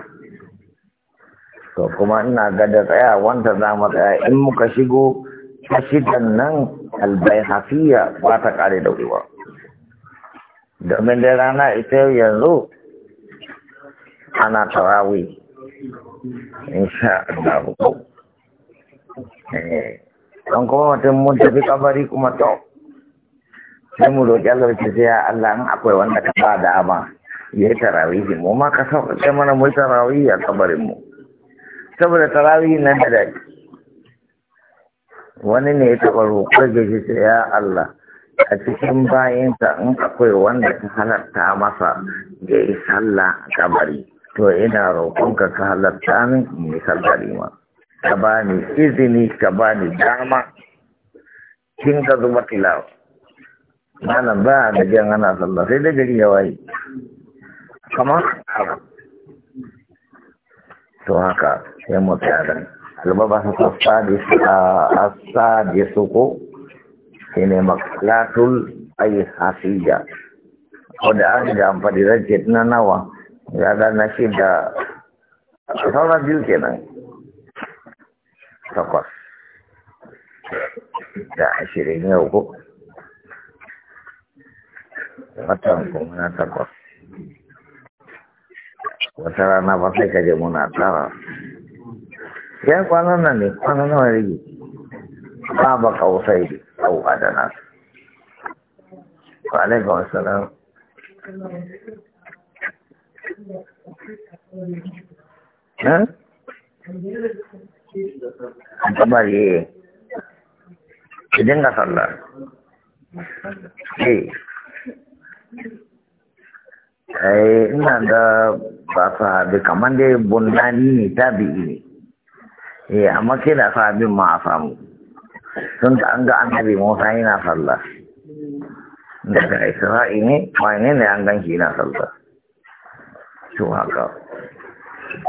to kuma ina ga da tsaya wanda za mu tsaya in muka shigo ta nan albai hafiya ba ta kare da ruwa domin da rana ita yanzu ana tarawi in sha Allah Eh, an kuma mutum mun tafi kabari kuma to sai mu roƙi Allah ce ya Allah in akwai wanda ka ba da ama Ye tarawihi mu ma ka sauka kai mana mu tarawihi a kabari mu saboda tarawihi nan da wani ne ta baro roƙo da shi ya Allah a cikin ta in akwai wanda ka halarta masa ya yi sallah kabari to ina roƙonka ka halarta min in yi ma ka bani izini ka bani dama kin ka zuba tilawa mana ba da jan ana sallah sai da gari ya waye kamar abu to haka sai mu tsaya albaba su asadi asadi su ko shi ne maklatul ayi hasiya wanda an da amfani rajin na nawa ya ga na shi da sauran biyu kenan takwas da ashirin yau ko watan kuma na takwas wata rana ba sai ka muna tara yan kwanan nan ne kwanan nawa rigi ba ba kausai ne au adana wa alaikum assalam Huh? bari taɓa eh. yi ki dinga sallah eh ina da ba sahabi kamar dai bundani ne tabi'i ne eh amma ke da sahabin ma a samu sun da an ga annabi musa yana sallah daga isra'i ne wani ne an ganshi yana sallah to haka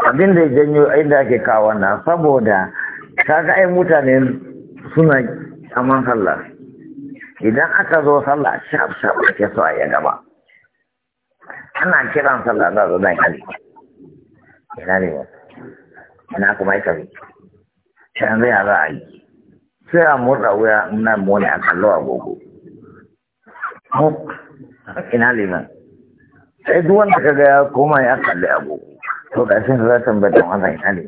abin da ya janyo inda ake kawo na saboda kaga ai mutane suna aman sallah idan aka zo sallah shaf shaf ake so a yi gaba ana kiran sallah za su zan hali ina ne ba ina kuma yi kari can zai za a yi sai a murna wuya muna mone a kallo gogo ina liman sai duk wanda kaga ya koma ya kalli agogo to da shi za ta bada wannan hali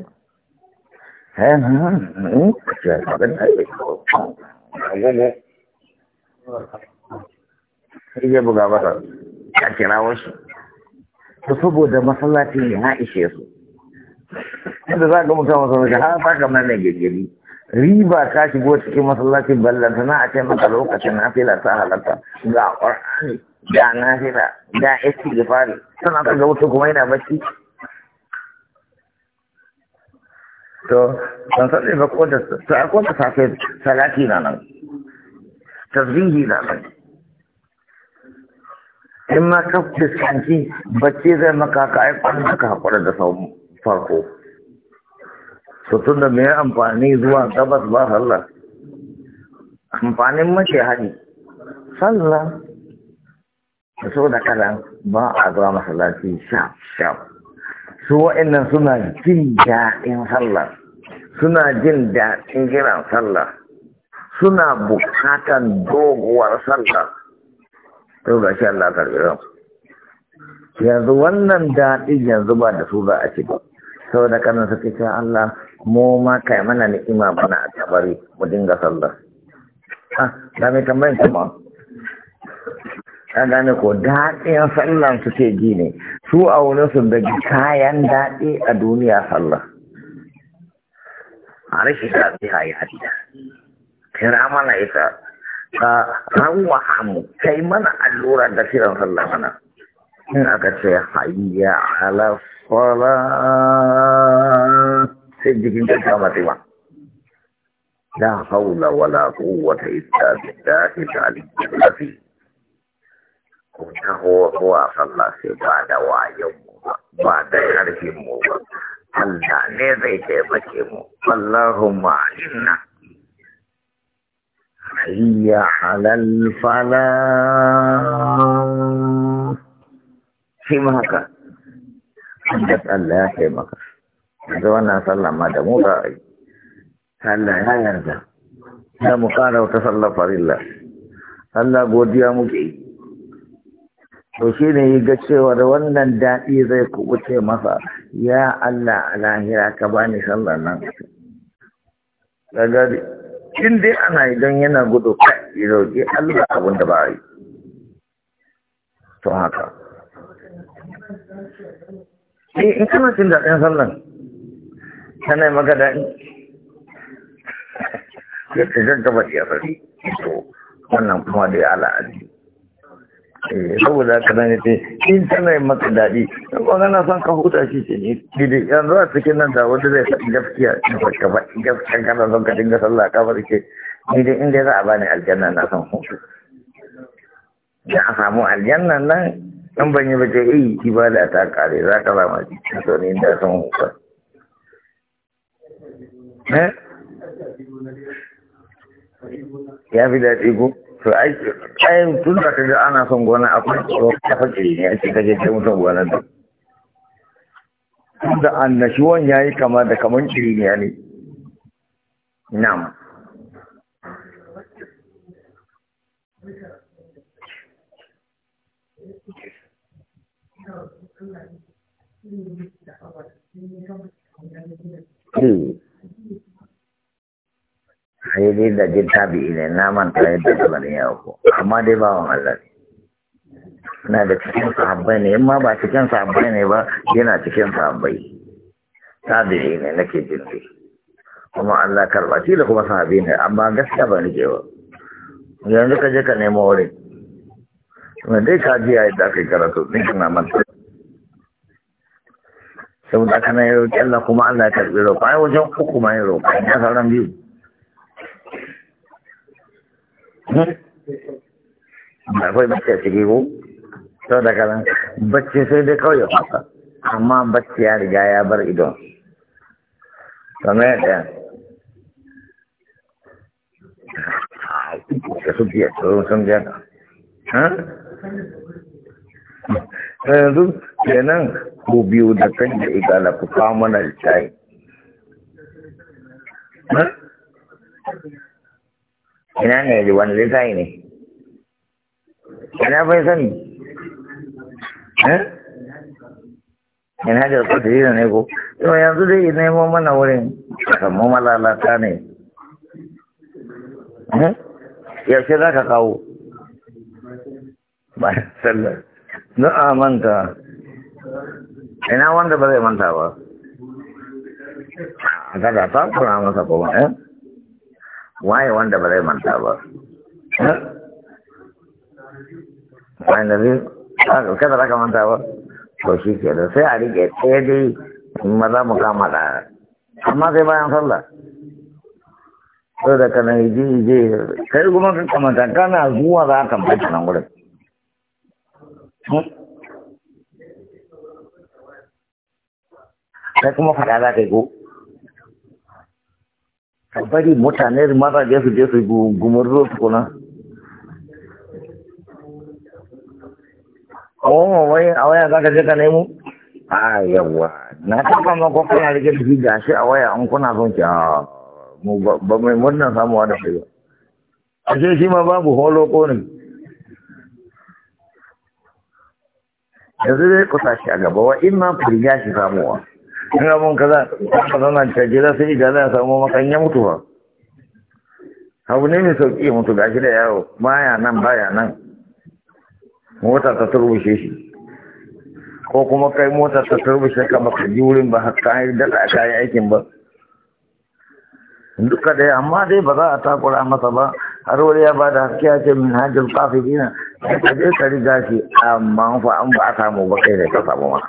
eh hmm ya ta bada ne, ko gogo sai ya buga ba ya kira wasu to saboda masallaci ya ishe su inda za ka mutum masallaci ha ta kamar ne gegeri riba ka shigo cikin masallacin ballanta na a ce maka lokacin na fila ta halatta ga ƙwarani da na fila da ya ci gifari fari. ka ga gabata kuma yana bacci to ban san ba ko da ta ko da safe salati na nan tasbihi na nan in ma ka fuskanci bacci zai maka ka ai kwan ka hakura da sau farko to tun da me amfani zuwa gabas ba sallah amfanin mace hadi sallah so da kalan ba a zuwa masallaci sha sha su wa'annan suna jin daɗin sallar suna jin daɗin kiran sallah suna bukatan doguwar sallah to ga shi Allah yanzu wannan daɗi yanzu ba da su za a ci ba saboda kanan suke ce Allah mu ma kai mana ni'ima mana a tabari mu dinga sallah ah da mai tambayin kuma an gane ko daɗin Sallah suke ji ne su a wurin su daga kayan daɗi a duniya sallah arishita biha ya hadida kira mana ita ka hamu, mu kai mana allura da kiran sallah mana in aka ce hayya ala fara. sai jikin ta kama tima la hawla wala la illa billahi al-aliyyil azim ko ta ho ko a sallah sai ba da wayo ba da harfin mu ba Allah ne zai taimake mu Allahumma inna hayya halal fala shi ma haka da Allah ya taimaka yanzu wannan sallah ma da mu za a yi Allah ya yarda ya mu kara wata sallar farilla Allah godiya muke yi to shi ne yi ga cewar wannan daɗi zai kubuce masa ya Allah a lahira ka bani sallar nan daga in dai ana idan yana gudu kai roƙi Allah abin da ba yi to haka eh in kana cin daɗin sallar. kana maka daɗi ka ga gaba ya fari to wannan kuma ya ala'adi Eh, saboda haka nan ce in tana yin maka daɗi in na son ka huta shi ce ne gidi yanzu a cikin nan da wanda zai faɗi gaskiya in ka faɗi gaskiya kana son ka dinga sallah ka bar ce gidi inda za a bani aljanna na son hutu da a samu aljanna nan in ban yi ba ce eh ibada ta kare za ka ba ma cikin to ni da son hutu eh? ya fi daɗi ko to ai ai tun da kaga ana son gona akwai tsoro ta fakiri ne ake kaje ta mutum gonar da tun da annashuwan yayi kama da kaman kiri ne ne na'am Eh sai dai da jin tabi'i ne na manta yadda lamarin ya ko amma dai ba wani Allah ne na da cikin sahabbai ne in ma ba cikin sahabbai ne ba yana cikin sahabbai tabi'i ne nake jin dai kuma Allah karba shi da kuma sahabi ne amma gaskiya ba nake ba yanzu ka je ka nemo wurin kuma dai ka ji yayin da aka yi karatu din kana manta saboda na yi roƙi Allah kuma Allah ya karɓi a ai wajen uku ma yi roƙa ya sauran biyu akwai bacci a ciki ko sau da kanan bacci sai dai kawai ya fasa amma bacci ah, ya riga ya bar idon kamar yadda da su biya tsoron sun biya ka ta yanzu kenan ku biyu da kan da igala mana littafi ina ne da wani littafi ne ina bai sani eh? Ina hajjar kwatiri da ne ko yau yanzu dai nemo mana wurin kamar malalata ne eh? yaushe za ka kawo Ba sallar na manta ina wanda ba zai manta ba a kada ta kuna masa kuma eh waye wanda ba zai manta ba waye da zai kada za ka manta ba to shi ke da sai a rike ɗaya dai maza mu kama da amma sai bayan sallah sau da kana iji ije kai kuma ka kamata kana zuwa za ka manta nan wurin kai kuma faɗa za ka yi ko ka bari mutane mazaje su je su gumurzo tukuna Oh, wai a waya za ka je ka nemo? A yawa, na taɓa ma ko kuna rike da shi gashi a waya an kuna son ki a mu ba mai murnan samuwa da kai. A ce shi ma babu holo ko ne. Yanzu dai ku sashi a gaba wa in ma ku riga shi samuwa. in abun kaza a zana caje za su yi gaza samu makan ya mutu ba abu ne mai sauƙi ya mutu gashi da yaro baya nan baya nan mota ta turbushe shi ko kuma kai mota ta turbushe ka maka jurin ba haka yi daɗa kayan aikin ba duka ya amma dai ba za a takura masa ba har wani ya ba da haske ya ce min hajjin kafin gina ka je ka riga shi amma fa an ba a samu ba kai ne, ka samu ma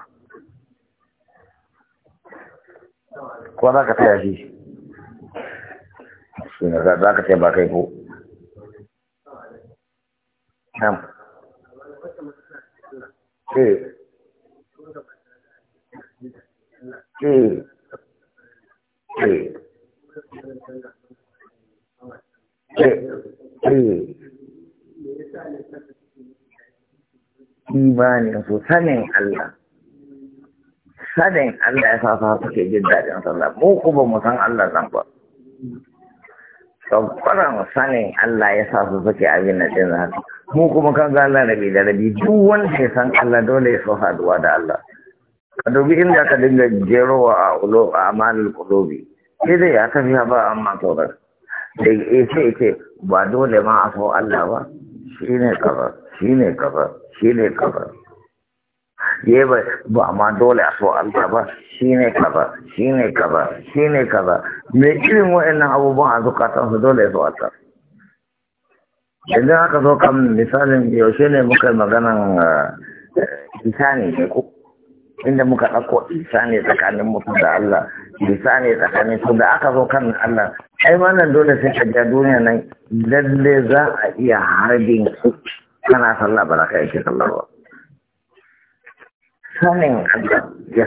ko za ka taya shi shi ne za ka ce ba kai ko Ke. Eh. Ke. Eh. ce eh. ce ce imanin su sanin Allah sanin Allah ya sa suke jin daɗin sallah mu ku mu san Allah zan ba tabbaran sanin Allah ya sa su suke abin da din haka mu kuma kan ga Allah rabi da rabi duk wanda ya san Allah dole ya so haduwa da Allah ka dubi inda ka dinga jerowa a ulo a amalin kulobi. sai dai ya tafi ba amma tsoron. da ya ce ba dole ma a so Allah ba Shi ne shi ne shine shi ne kaza ye ba ba amma dole a so Allah ba shine kaza shine kaza shine kaza me irin wa'annan abubuwan a zukatan su dole su wata Allah idan aka so kan misalin yaushe ne muka yi maganan eh, isa ne ko inda muka ɗauko isa ne tsakanin mutum da Allah isa ne tsakanin su da aka zo kan Allah ai ma nan dole sai ka ja duniya nan lalle za a iya harbin kana sallah ba za ka yake sallah sanin Allah ya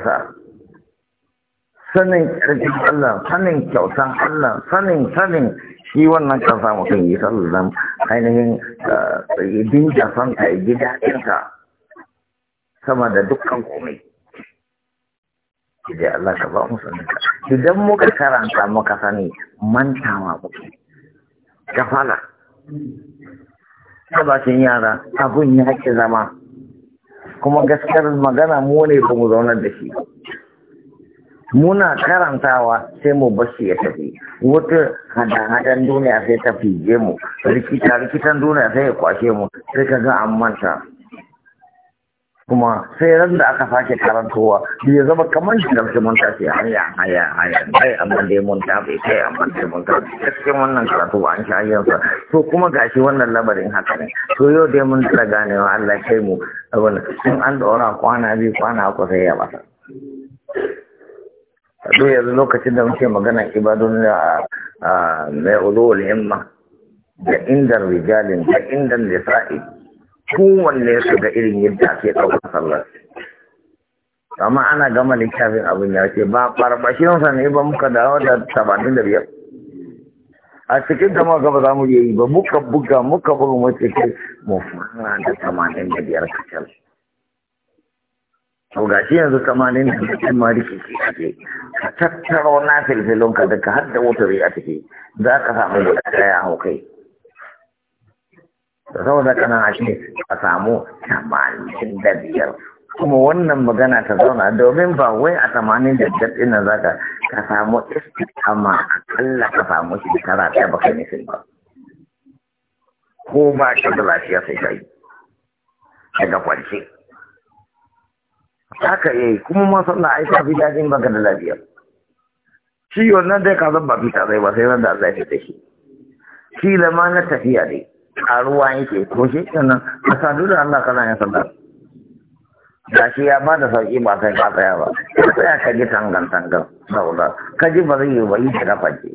sanin ƙarfin Allah sanin kyautan Allah sanin sanin shi wannan kan sa mutum yi sallan ainihin ya eh, dinga son ka yi, gida ɗinka sama da dukkan komai idan Allah ka ba mu sanin ka idan muka karanta muka sani mantawa muke kafala ta bakin yara abun ya ke zama kuma gaskiyar magana mu ne ba mu zaunar da shi muna karantawa sai mu bashi ya tafi wata hada-hadan duniya sai ta fije mu rikita rikitan duniya sai ya kwashe mu sai ka ga an manta kuma sai ran da aka sake karantowa ya zama kamar shi gamsu mun tafi haya haya haya kai amma dai mun tafi kai amma dai mun tafi cikin wannan karatu ba an sha yin sa to kuma gashi wannan labarin haka ne to yau dai mun tsara ganewa Allah kai mu abin in an daura kwana biyu kwana uku sai ya bata to yanzu lokacin da muke magana ibadun a mai ulul himma da indar rijalin da indar nisa'i kowanne su da irin yadda ake ɗaukar sallar amma ana gama littafin abin ya ce ba barbashinsa ne ba muka dawo da tabanin da biyar a cikin gama gaba za mu yi ba muka buga muka buga mu kai, mu fara da tamanin da biyar kacal to ga shi yanzu tamanin da biyar ma da ke ake ka tattaro na daga har da ka hadda wutar ya take za ka samu guda ɗaya a hau kai da saboda kana ake a samu tamanin da biyar kuma wannan magana ta zauna domin ba wai a tamanin da biyar ɗin nan zaka ka samu istiqama akalla ka samu shekara ɗaya baka nufin ba ko ba shi da lafiya sai kai daga kwance haka yi kuma ma na ai ta fi dajin baka da lafiya ciwon nan dai ka zan ba fita zai ba sai nan da Allah ya fita shi shi da ma na tafiya dai a ruwa yake to shi kenan a sadu da Allah kana ya sanda da shi ya ba da sauki ba kai ka tsaya ba tsaya ka ji tangan tangan saboda ka ji ba zai yi ba yi shiga fage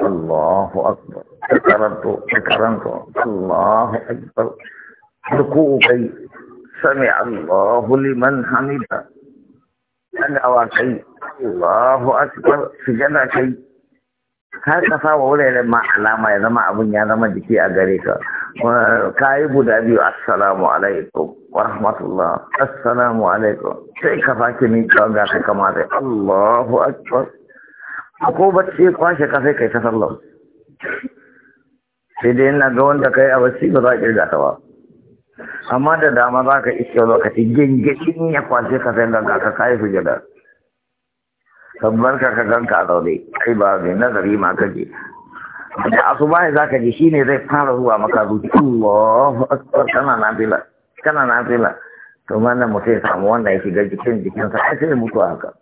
Allahu akbar karanto karanto Allahu akbar ruku kai sami Allahu liman hamida Allah awa kai Allahu akbar sujada kai ka kasa wa wuraren ma alama ya zama abin ya zama jiki a gare ka ka yi guda biyu assalamu alaikum wa rahmatullah assalamu alaikum sai ka sake ka ga ka kamata Allahu akbar ko bacci kwashe ka sai kai ta sallar sai dai yana ga wanda kai a bacci ba za ka kirga ta ba amma da dama za ka iske lokaci gingishin ya kwashe ka sai ga ka kai fujada kamar ka ka ganka a zaune kai ba mai nazari ma ka je da asuba ne zaka ji shine zai fara zuwa maka zuci Allahu akbar kana nafila kana nafila to mana mutum ya samu wanda ya shiga jikin jikinsa ai sai mutu haka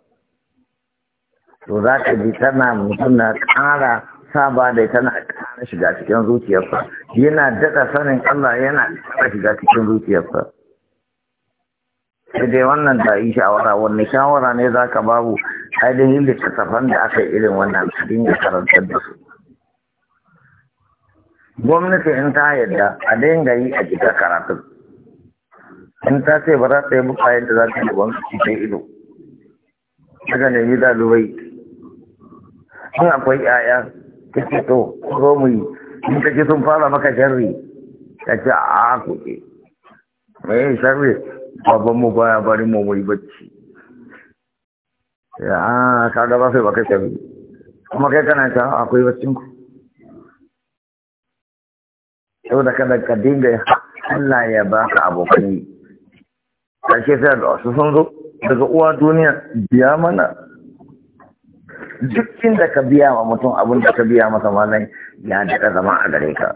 to za ka ji tana mutum na kara saba da tana kara shiga cikin zuciyarsa yana daɗa sanin Allah yana kara shiga cikin zuciyarsa sai dai wannan da yi shawara wanne shawara ne za ka babu ainihin littattafan da aka yi irin wannan cikin ya karantar da su gwamnati in ta yadda a dinga yi a gida karatu in ta ce ba za ta yi muka yadda za ta yi gwamnati ta ido daga nemi dalibai in akwai 'ya'ya ta ce to zo mu yi in ka ce sun fara maka sharri ta ce a kuɗe mai sharri babban mu baya bari mu mai bacci Ah, ya kaga ba sai baka kai kuma kai kana ta akwai baccin ku yau da kada ka dinga Allah ya baka abokan kashe sai da su sun zo daga uwa duniya biya mana duk inda ka biya wa mutum abin da ka biya masa malai ya daga zama a gare ka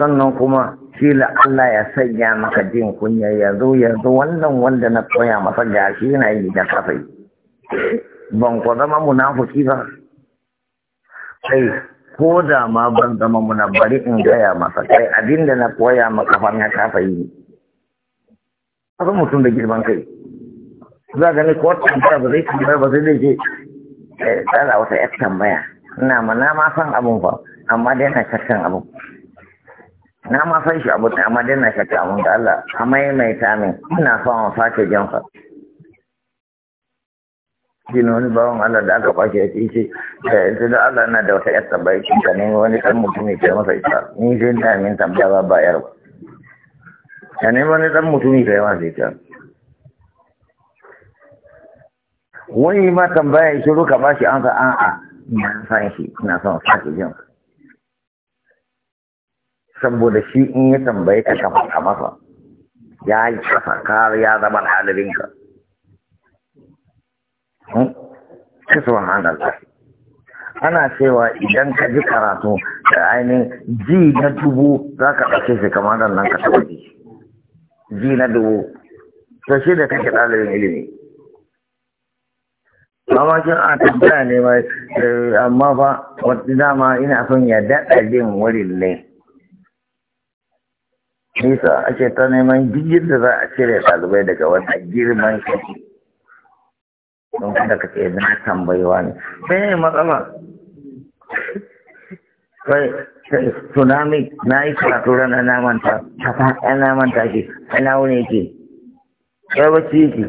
sannan kuma kila Allah ya sanya maka jin kunya ya zo ya zo wannan wanda na koya masa gashi yana yi da kafai ban kwa zama munafuki ba kai ko da ma ban zama muna bari in gaya masa kai abin da na koya maka fa na kafa yi kasan mutum da girman kai za a gani ko tambaya ba zai tambaya ba zai ce eh tsara wata yar tambaya ina ma na ma san abun fa amma dai na shakkan abun na ma san shi abu amma dai na shakkan abun da Allah ka maimaita min ina son sake jan fa shi wani bawan Allah da aka kwace ya ce ce da yanzu da Allah na da wata yasta bai shi ka nemi wani dan mutum ya kai masa ita ni sai na min tambaya ba ba yar ba ka nemi wani dan mutum ya kai masa ita wani ma tambaya ya shiru ka ba shi an sa a'a na san shi ina son sake jin saboda shi in ya tambaye ka kafa masa ya yi kafa ka ya zama ka Hmm? subhanallah ana cewa idan ka ji karatu da ainihin ji na dubu za ka ɗauke shi kamar da nan ka taɓa ji ji na dubu to shi da kake ɗalibin ilimi amma kin a tabbata ne mai eh, amma fa wata dama ina son ya daɗa jin wurin ne nisa ake ta neman jirgin da za a cire ɗalibai daga wata girman shi don kada ka ce na tambayewa ne sai ne matsala kai tsunami na yi karatu na namanta ta faɗa namanta ke, shi ina wuni yake ya bacci yake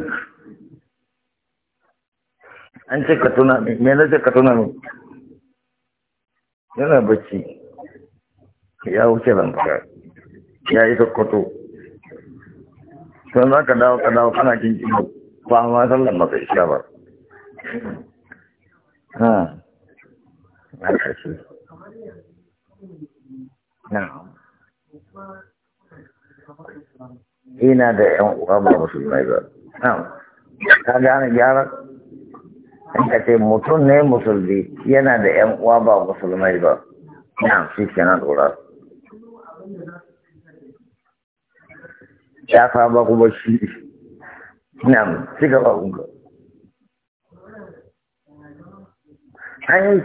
an ce ka tuna ne me na ce ka tuna ne yana bacci ya wuce zamfara ya yi sokoto sun za ka dawo ka dawo kana kin ba ma sallan masa isha ba ha ina da yan uwa ba musulmai ba ka gane gyara in ka ce mutum ne musulmi yana da yan uwa ba musulmai ba na'am shi kenan lura shafa ba kuma shi na'am shi gaba kuma ai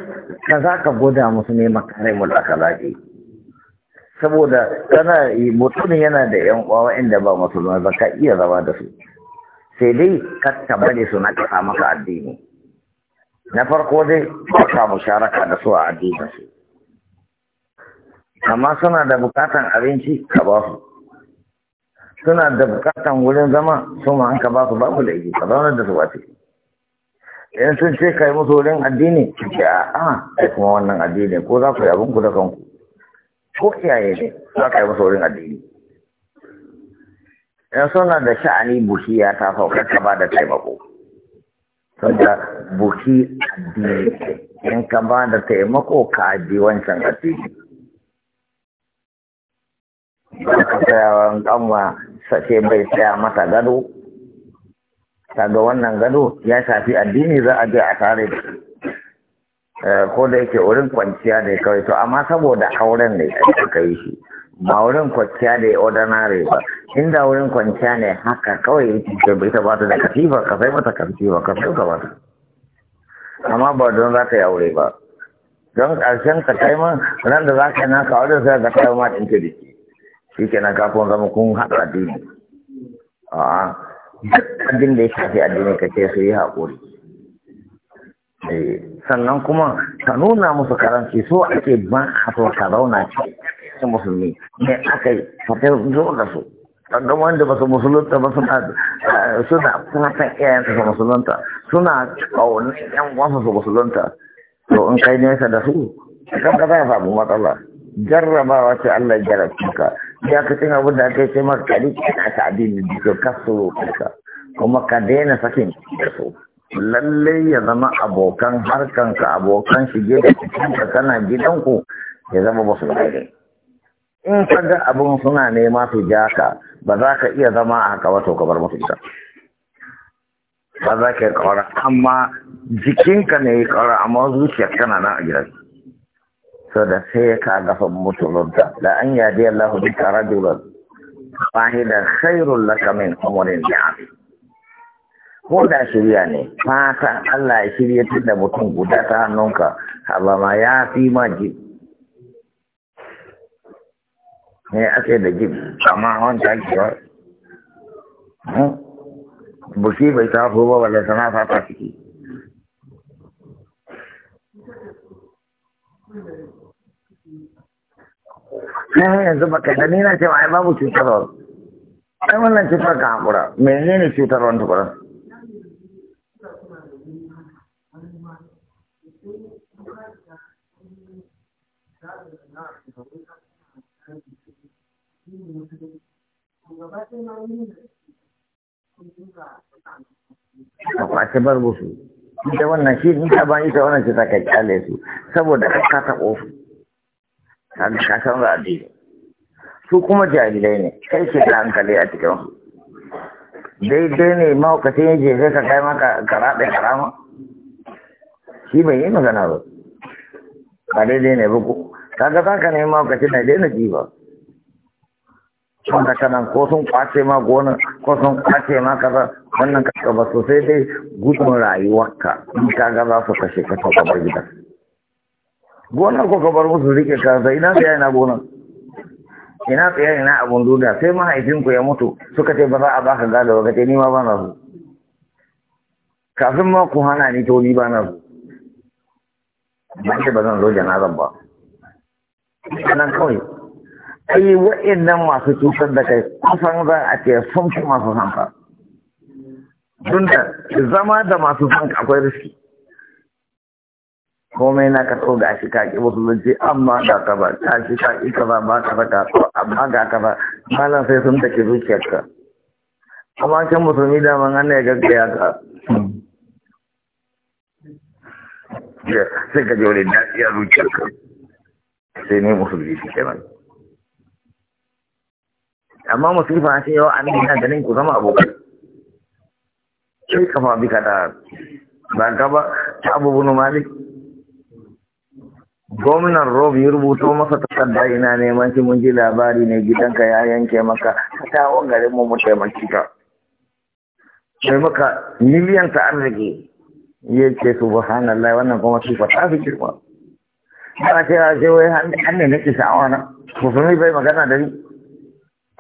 ka za ka goda musu ne makarimul akhlaqi saboda kana mutum yana da yan uwa inda ba musulma ba ka iya zama da su sai dai ka tabbare su na kasa maka addini na farko dai ka musharaka da su a addinin su amma suna da bukatan abinci ka ba su suna da bukatan wurin zama su ma an ka ba su babu laifi ka zauna da su ba ciki Yan sun ce kai musu wurin addini ce a a ai kuma wannan addini ko za ku yi abin ku da kanku ko iyaye ne za ka yi musu wurin addini in suna da sha'ani buki ya ta sauka ka ba da taimako da buki addini in ka ba da taimako ka ajiye wancan addini ba ka ɗan ba sace bai saya mata gado kaga wannan gado ya shafi addini za a je a tare da shi eh, ko da yake wurin kwanciya ne kawai to amma saboda auren ne aka yi shi ba wurin kwanciya da ordinary ba inda wurin kwanciya ne haka kawai yake bai ta bata da katifa ka sai mata katifa ka sai ka bata amma ba don za ka yi aure ba don ƙarshen ka kai man ran da za ka yi naka wajen sai ka kai ma ɗin ka jiki shi ke na kafin zama kun haɗa addini a'a duk abin da ya shafi addini ka ce su yi haƙuri eh, sannan kuma ka nuna musu karanci so ake ban a so ka zauna ce su musulmi ne aka yi fatar zo da su don wanda ba su musulunta ba suna eh, suna fatan iyayensa su musulunta suna ƙaunar ƴan wasu su musulunta to in kai nesa da su kan ka za samu matsala jarrabawa ce Allah ya jarabta ka ya ka cin abin da aka ce maka kari kana ta da ke kasuro ka kuma ka daina sakin da lalle ya zama abokan harkan ka abokan shige da ka kana gidanku ya zama ba su daidai in ka ga abin suna nema su ja ka ba za ka iya zama a haka wato ka bar musu ita ba za ka yi kawara amma jikinka ne ya kawara amma zuciyar kana na a gida. so da sai ka gafa musulunta da an yadi Allah bi rajulan wahida khairul laka min umurin ni'am ko da shirya ne fata Allah ya shirya tunda mutum guda ta hannunka haba ma ya fi ma jib ne ake da jib amma wanda ake wa hmm? buki bai tafi ba wala sana fata ciki kai yanzu baka gani na ce ai babu cutarwa ai wannan cutar ka hakura menene cutar wani tukurin a kwace bar musu ita wannan shi ta ban ita wannan ce ta kai kyale su saboda ka taɓo su ka san za a dai su kuma jahilai ne kai ke da hankali a cikin su daidai ne mahaukacin yake sai ka kai maka karaɗe karama shi bai yi magana ba ba daidai ne ba ko kaga za ka nemi mahaukacin na daina ji ba sun ka kanan ko sun kwace ma gona ko sun kwace ma kaza wannan kasa ba sosai dai gudun rayuwarka in ga za su kashe ka ta gaba gidan gonar ko ka bar musu rike kansa ina tsaya ina gonar ina tsaya ina abun duda sai mahaifinku ya mutu suka ce ba za a baka gado ba kace ni ma ba na su kafin ma ku hana ni to ni ba na su ba ce ba zan zo janazan ba nan kawai ai wa'annan masu cutar da kai kusan za a ce sun fi masu sanka tunda zama da masu sanka akwai riski komai na ka ga shi ka ki musulunci amma ga ka ba ga shi ka ki ka ba ba ka ba ka so amma ga ka ba malam sai sun take ka amma kan musulmi man hannu ya gaggaya ka sai ka je wani daɗi zuciyar ka sai ne musulmi ke kenan amma musulmi musulma ce yau an yana ganin ku zama abokai sai kafa bi kada ba gaba ta abubuwan malik gwamnan rob ya rubuto masa takarda ina neman shi mun ji labari ne gidanka ya yanke maka ta tawo garin mu mu taimaki ka sai maka miliyan ta arziki ya ce subhanallah wannan kuma su fata fi girma ba ce ya ce wai hannun nake sha'awa na musulmi bai magana da ni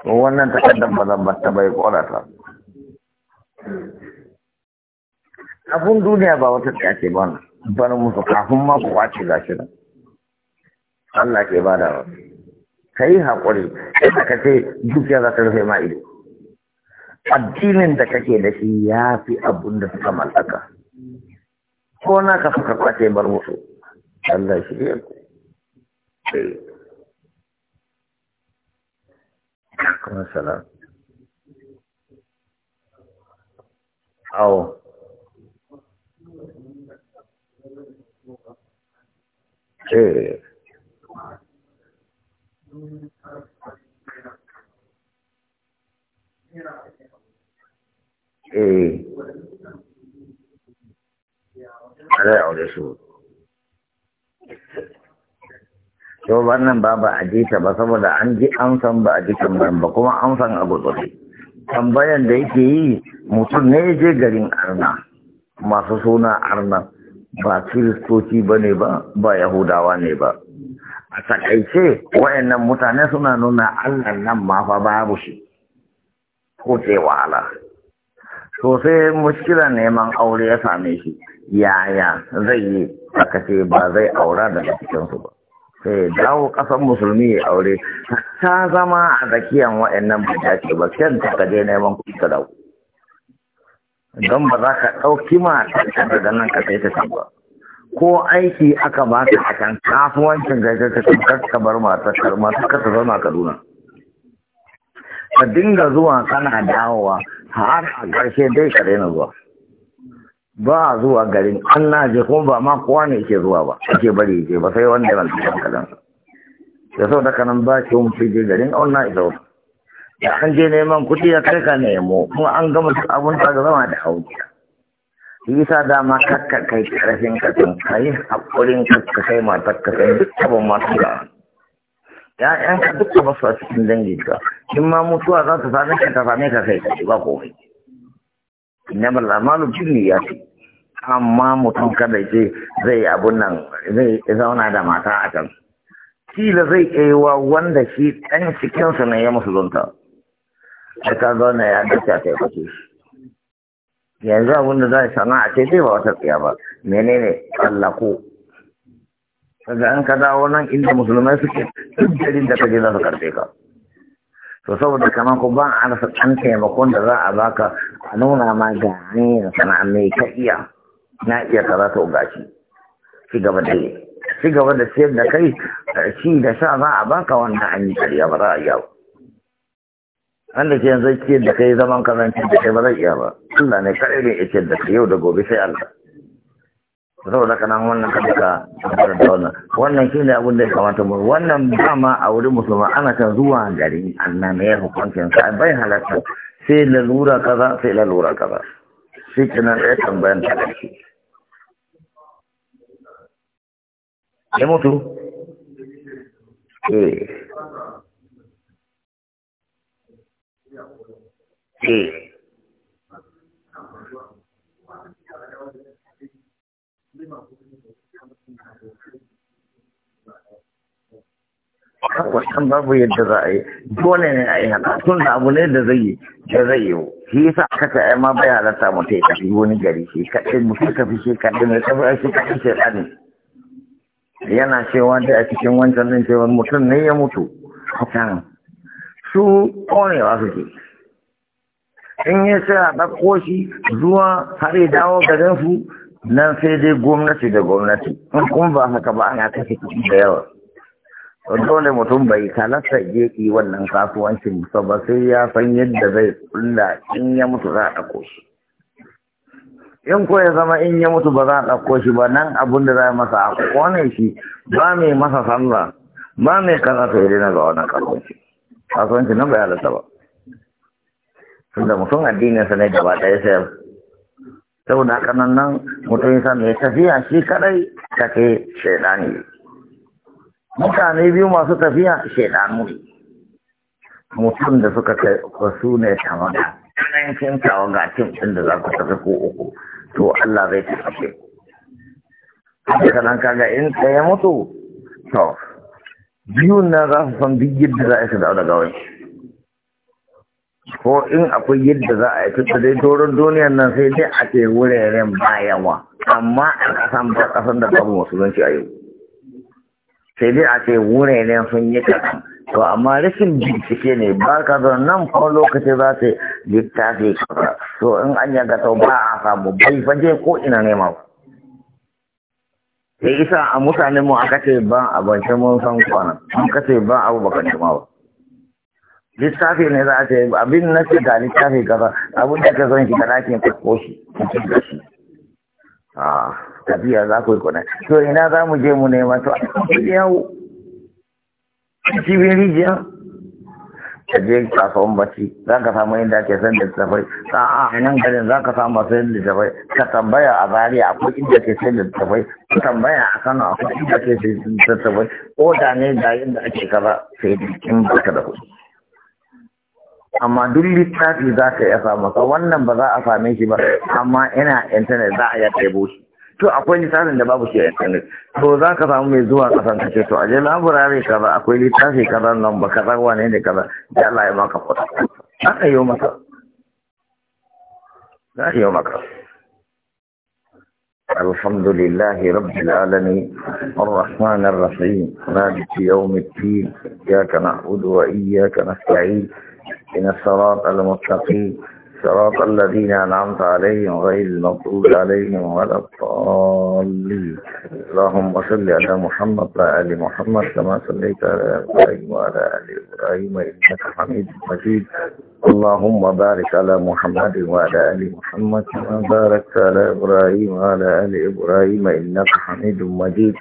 wannan takardar ba zan bata bai kora ta abun duniya ba wata tsaye ba na bana musu kafin ma ku kwace gashi nan Allah ke ba da ka yi haƙuri da ka ce dukiya za ta rufe ma ido addinin da kake da shi ya fi abun da suka mallaka ko na ka suka kwace bar musu Allah shi ya ku kuma salam awo eh zai aure wannan ba ba a ji ba saboda an ji an san ba a ba kuma an san abu tsotsi tambayan da yake yi mutum ne je garin arna masu suna arna ba kiristoci ba ne ba ba yahudawa ne ba a takaice wayannan mutane suna nuna Allah nan ma fa babu shi ko sai wahala to sai neman aure ya same shi yaya zai yi aka ce ba zai aura daga cikin su ba sai dawo kasan musulmi ya aure ta zama a zakiyan wayannan mutane ba kyan ta je neman kuɗi ka dawo don ba za ka ɗauki mata daga nan ka kai ta ba ko aiki aka ba ka a can kafuwancin gaje ka kan ka bar matar masu kasa ta Kaduna ka dinga zuwa kana dawowa har a ƙarshe dai ka daina zuwa ba a zuwa garin an na je kuma ba ma kowa ne ke zuwa ba ake bari ke ba sai wanda ya cikin hankalin da sau da kanan ba ki mun je garin an na isa da an je neman kuɗi ya kai ka nemo kuma an gama abun ta zama da hauka Isa dama kakka kai karfin ka tun kai hakurin kakka kai matar ka kai dukkan matar ya ya'yan ka dukkan masu a cikin dangi ka in ma mutuwa za ta same ka ta same ka kai kai ba komai jini ya ce amma mutum kada ce zai abun nan zai zauna da mata a can kila zai kaiwa wanda shi ɗan cikinsa ne ya musulunta da ka zauna ya dace a kai shi yanzu abin da za a sana'a ce sai ba wata tsaya ba menene tsallako daga an ka dawo nan inda musulmai suke duk garin da ka je za su karfe ka to saboda kamar ko ba a rasa ɗan taimakon da za a baka a nuna ma ga hanyar sana'a mai ka iya na iya kaza to gashi ci gaba da yi ci gaba da siyar da kai ci da sha za a baka wannan an yi ba za a yi an da ke yanzu ke da kai zaman karanci da kai ba zai iya ba Allah ne kare ne yake da kai yau da gobe sai Allah saboda kana wannan ka duka da wannan wannan shine abin da ya kamata mu wannan ba ma a wurin musulma ana kan zuwa garin Allah ne ya hukuncin sa bai halatta sai lalura kaza sai lalura kaza shi kenan ya tambayan ta shi. ya mutu eh eh wannan babu yadda za a yi dole ne a yi haka tun da abu ne da zai yi da zai yi shi yasa aka ce ma bai halatta mu ta yi tafi wani gari shi kaɗai mu ta tafi shi kaɗai mai tafi a shi kaɗai shi ɗani yana cewa dai a cikin wancan ɗin cewa mutum ne ya mutu hakan su ƙonewa suke in ya a ɗauko shi zuwa har ya dawo garin su nan sai dai gwamnati da gwamnati in kuma ba haka ba ana kashe kuɗi da yawa dole mutum bai kalasta je yi wannan kasuwancin musa ba sai ya san yadda zai kulla in ya mutu za a ɗauko shi in ko ya zama in ya mutu ba za a ɗauko shi ba nan abin da za a masa a kone shi ba mai masa sallah ba mai kasa sai dai na ga wannan kasuwanci kasuwanci nan bai halatta ba tunda mutum addininsa ne gaba ɗaya sai saboda haka nan nan mutum yasa mai tafiya shi kadai take shaidani mutane biyu masu tafiya shaidanu ne mutum da suka kai su ne tawaga yankin tawaga cin ɗin da za ku tafi ko uku to Allah zai tafi ku haka nan kaga in ɗaya mutu to biyun nan za su san duk da za a shi da gawai ko in akwai yadda za a yi tuta dai doron duniyar nan sai dai a ce wuraren bayanwa, amma a kasan ba kasan da babu musulunci a yau sai dai a ce wuraren sun yi kaɗan to amma rashin bincike ne ba ka zan nan kuma lokaci za ta littafi kaza to in an yi gata ba a samu bai faje ko ina nema ma. Ya isa a mutanen mu aka ce ba bancin mun san kwanan, an ce ba abu bakan littafi ne za a ce abin na ce ga littafi gaba abin da ka son ki ga ɗakin ko shi cikin da shi tafiya za ku yi kuna to ina za mu je mu nema to yau cibin rijiya ka je kasuwan bacci za ka samu inda ke san tafai a a nan garin za ka samu masu yin tafai ka tambaya a Zariya akwai inda ke sai tafai ka tambaya a kano akwai inda ke sai tafai ko da ne da da ake kaza sai kin baka da kuɗi amma duk littafi za ka iya samu ka wannan ba za a same shi ba amma ina intanet za a yata yabo shi to akwai littafin da babu shi a intanet to za ka samu mai zuwa kasan ka ce to aje laburare kaza akwai littafi kaza nan ba zan wane ne kaza da Allah ya maka fata aka yi maka za a yi maka الحمد لله رب العالمين الرحمن الرحيم مالك يوم الدين إياك نعبد وإياك نستعين إن الصراط المتقين صراط الذين أنعمت عليهم غير المغضوب عليهم ولا الضالين اللهم صل على محمد وعلى آل محمد كما صليت على إبراهيم وعلى آل إبراهيم إنك حميد مجيد اللهم بارك على محمد وعلى آل محمد كما باركت على إبراهيم وعلى آل إبراهيم إنك حميد مجيد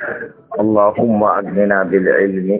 اللهم أغننا بالعلم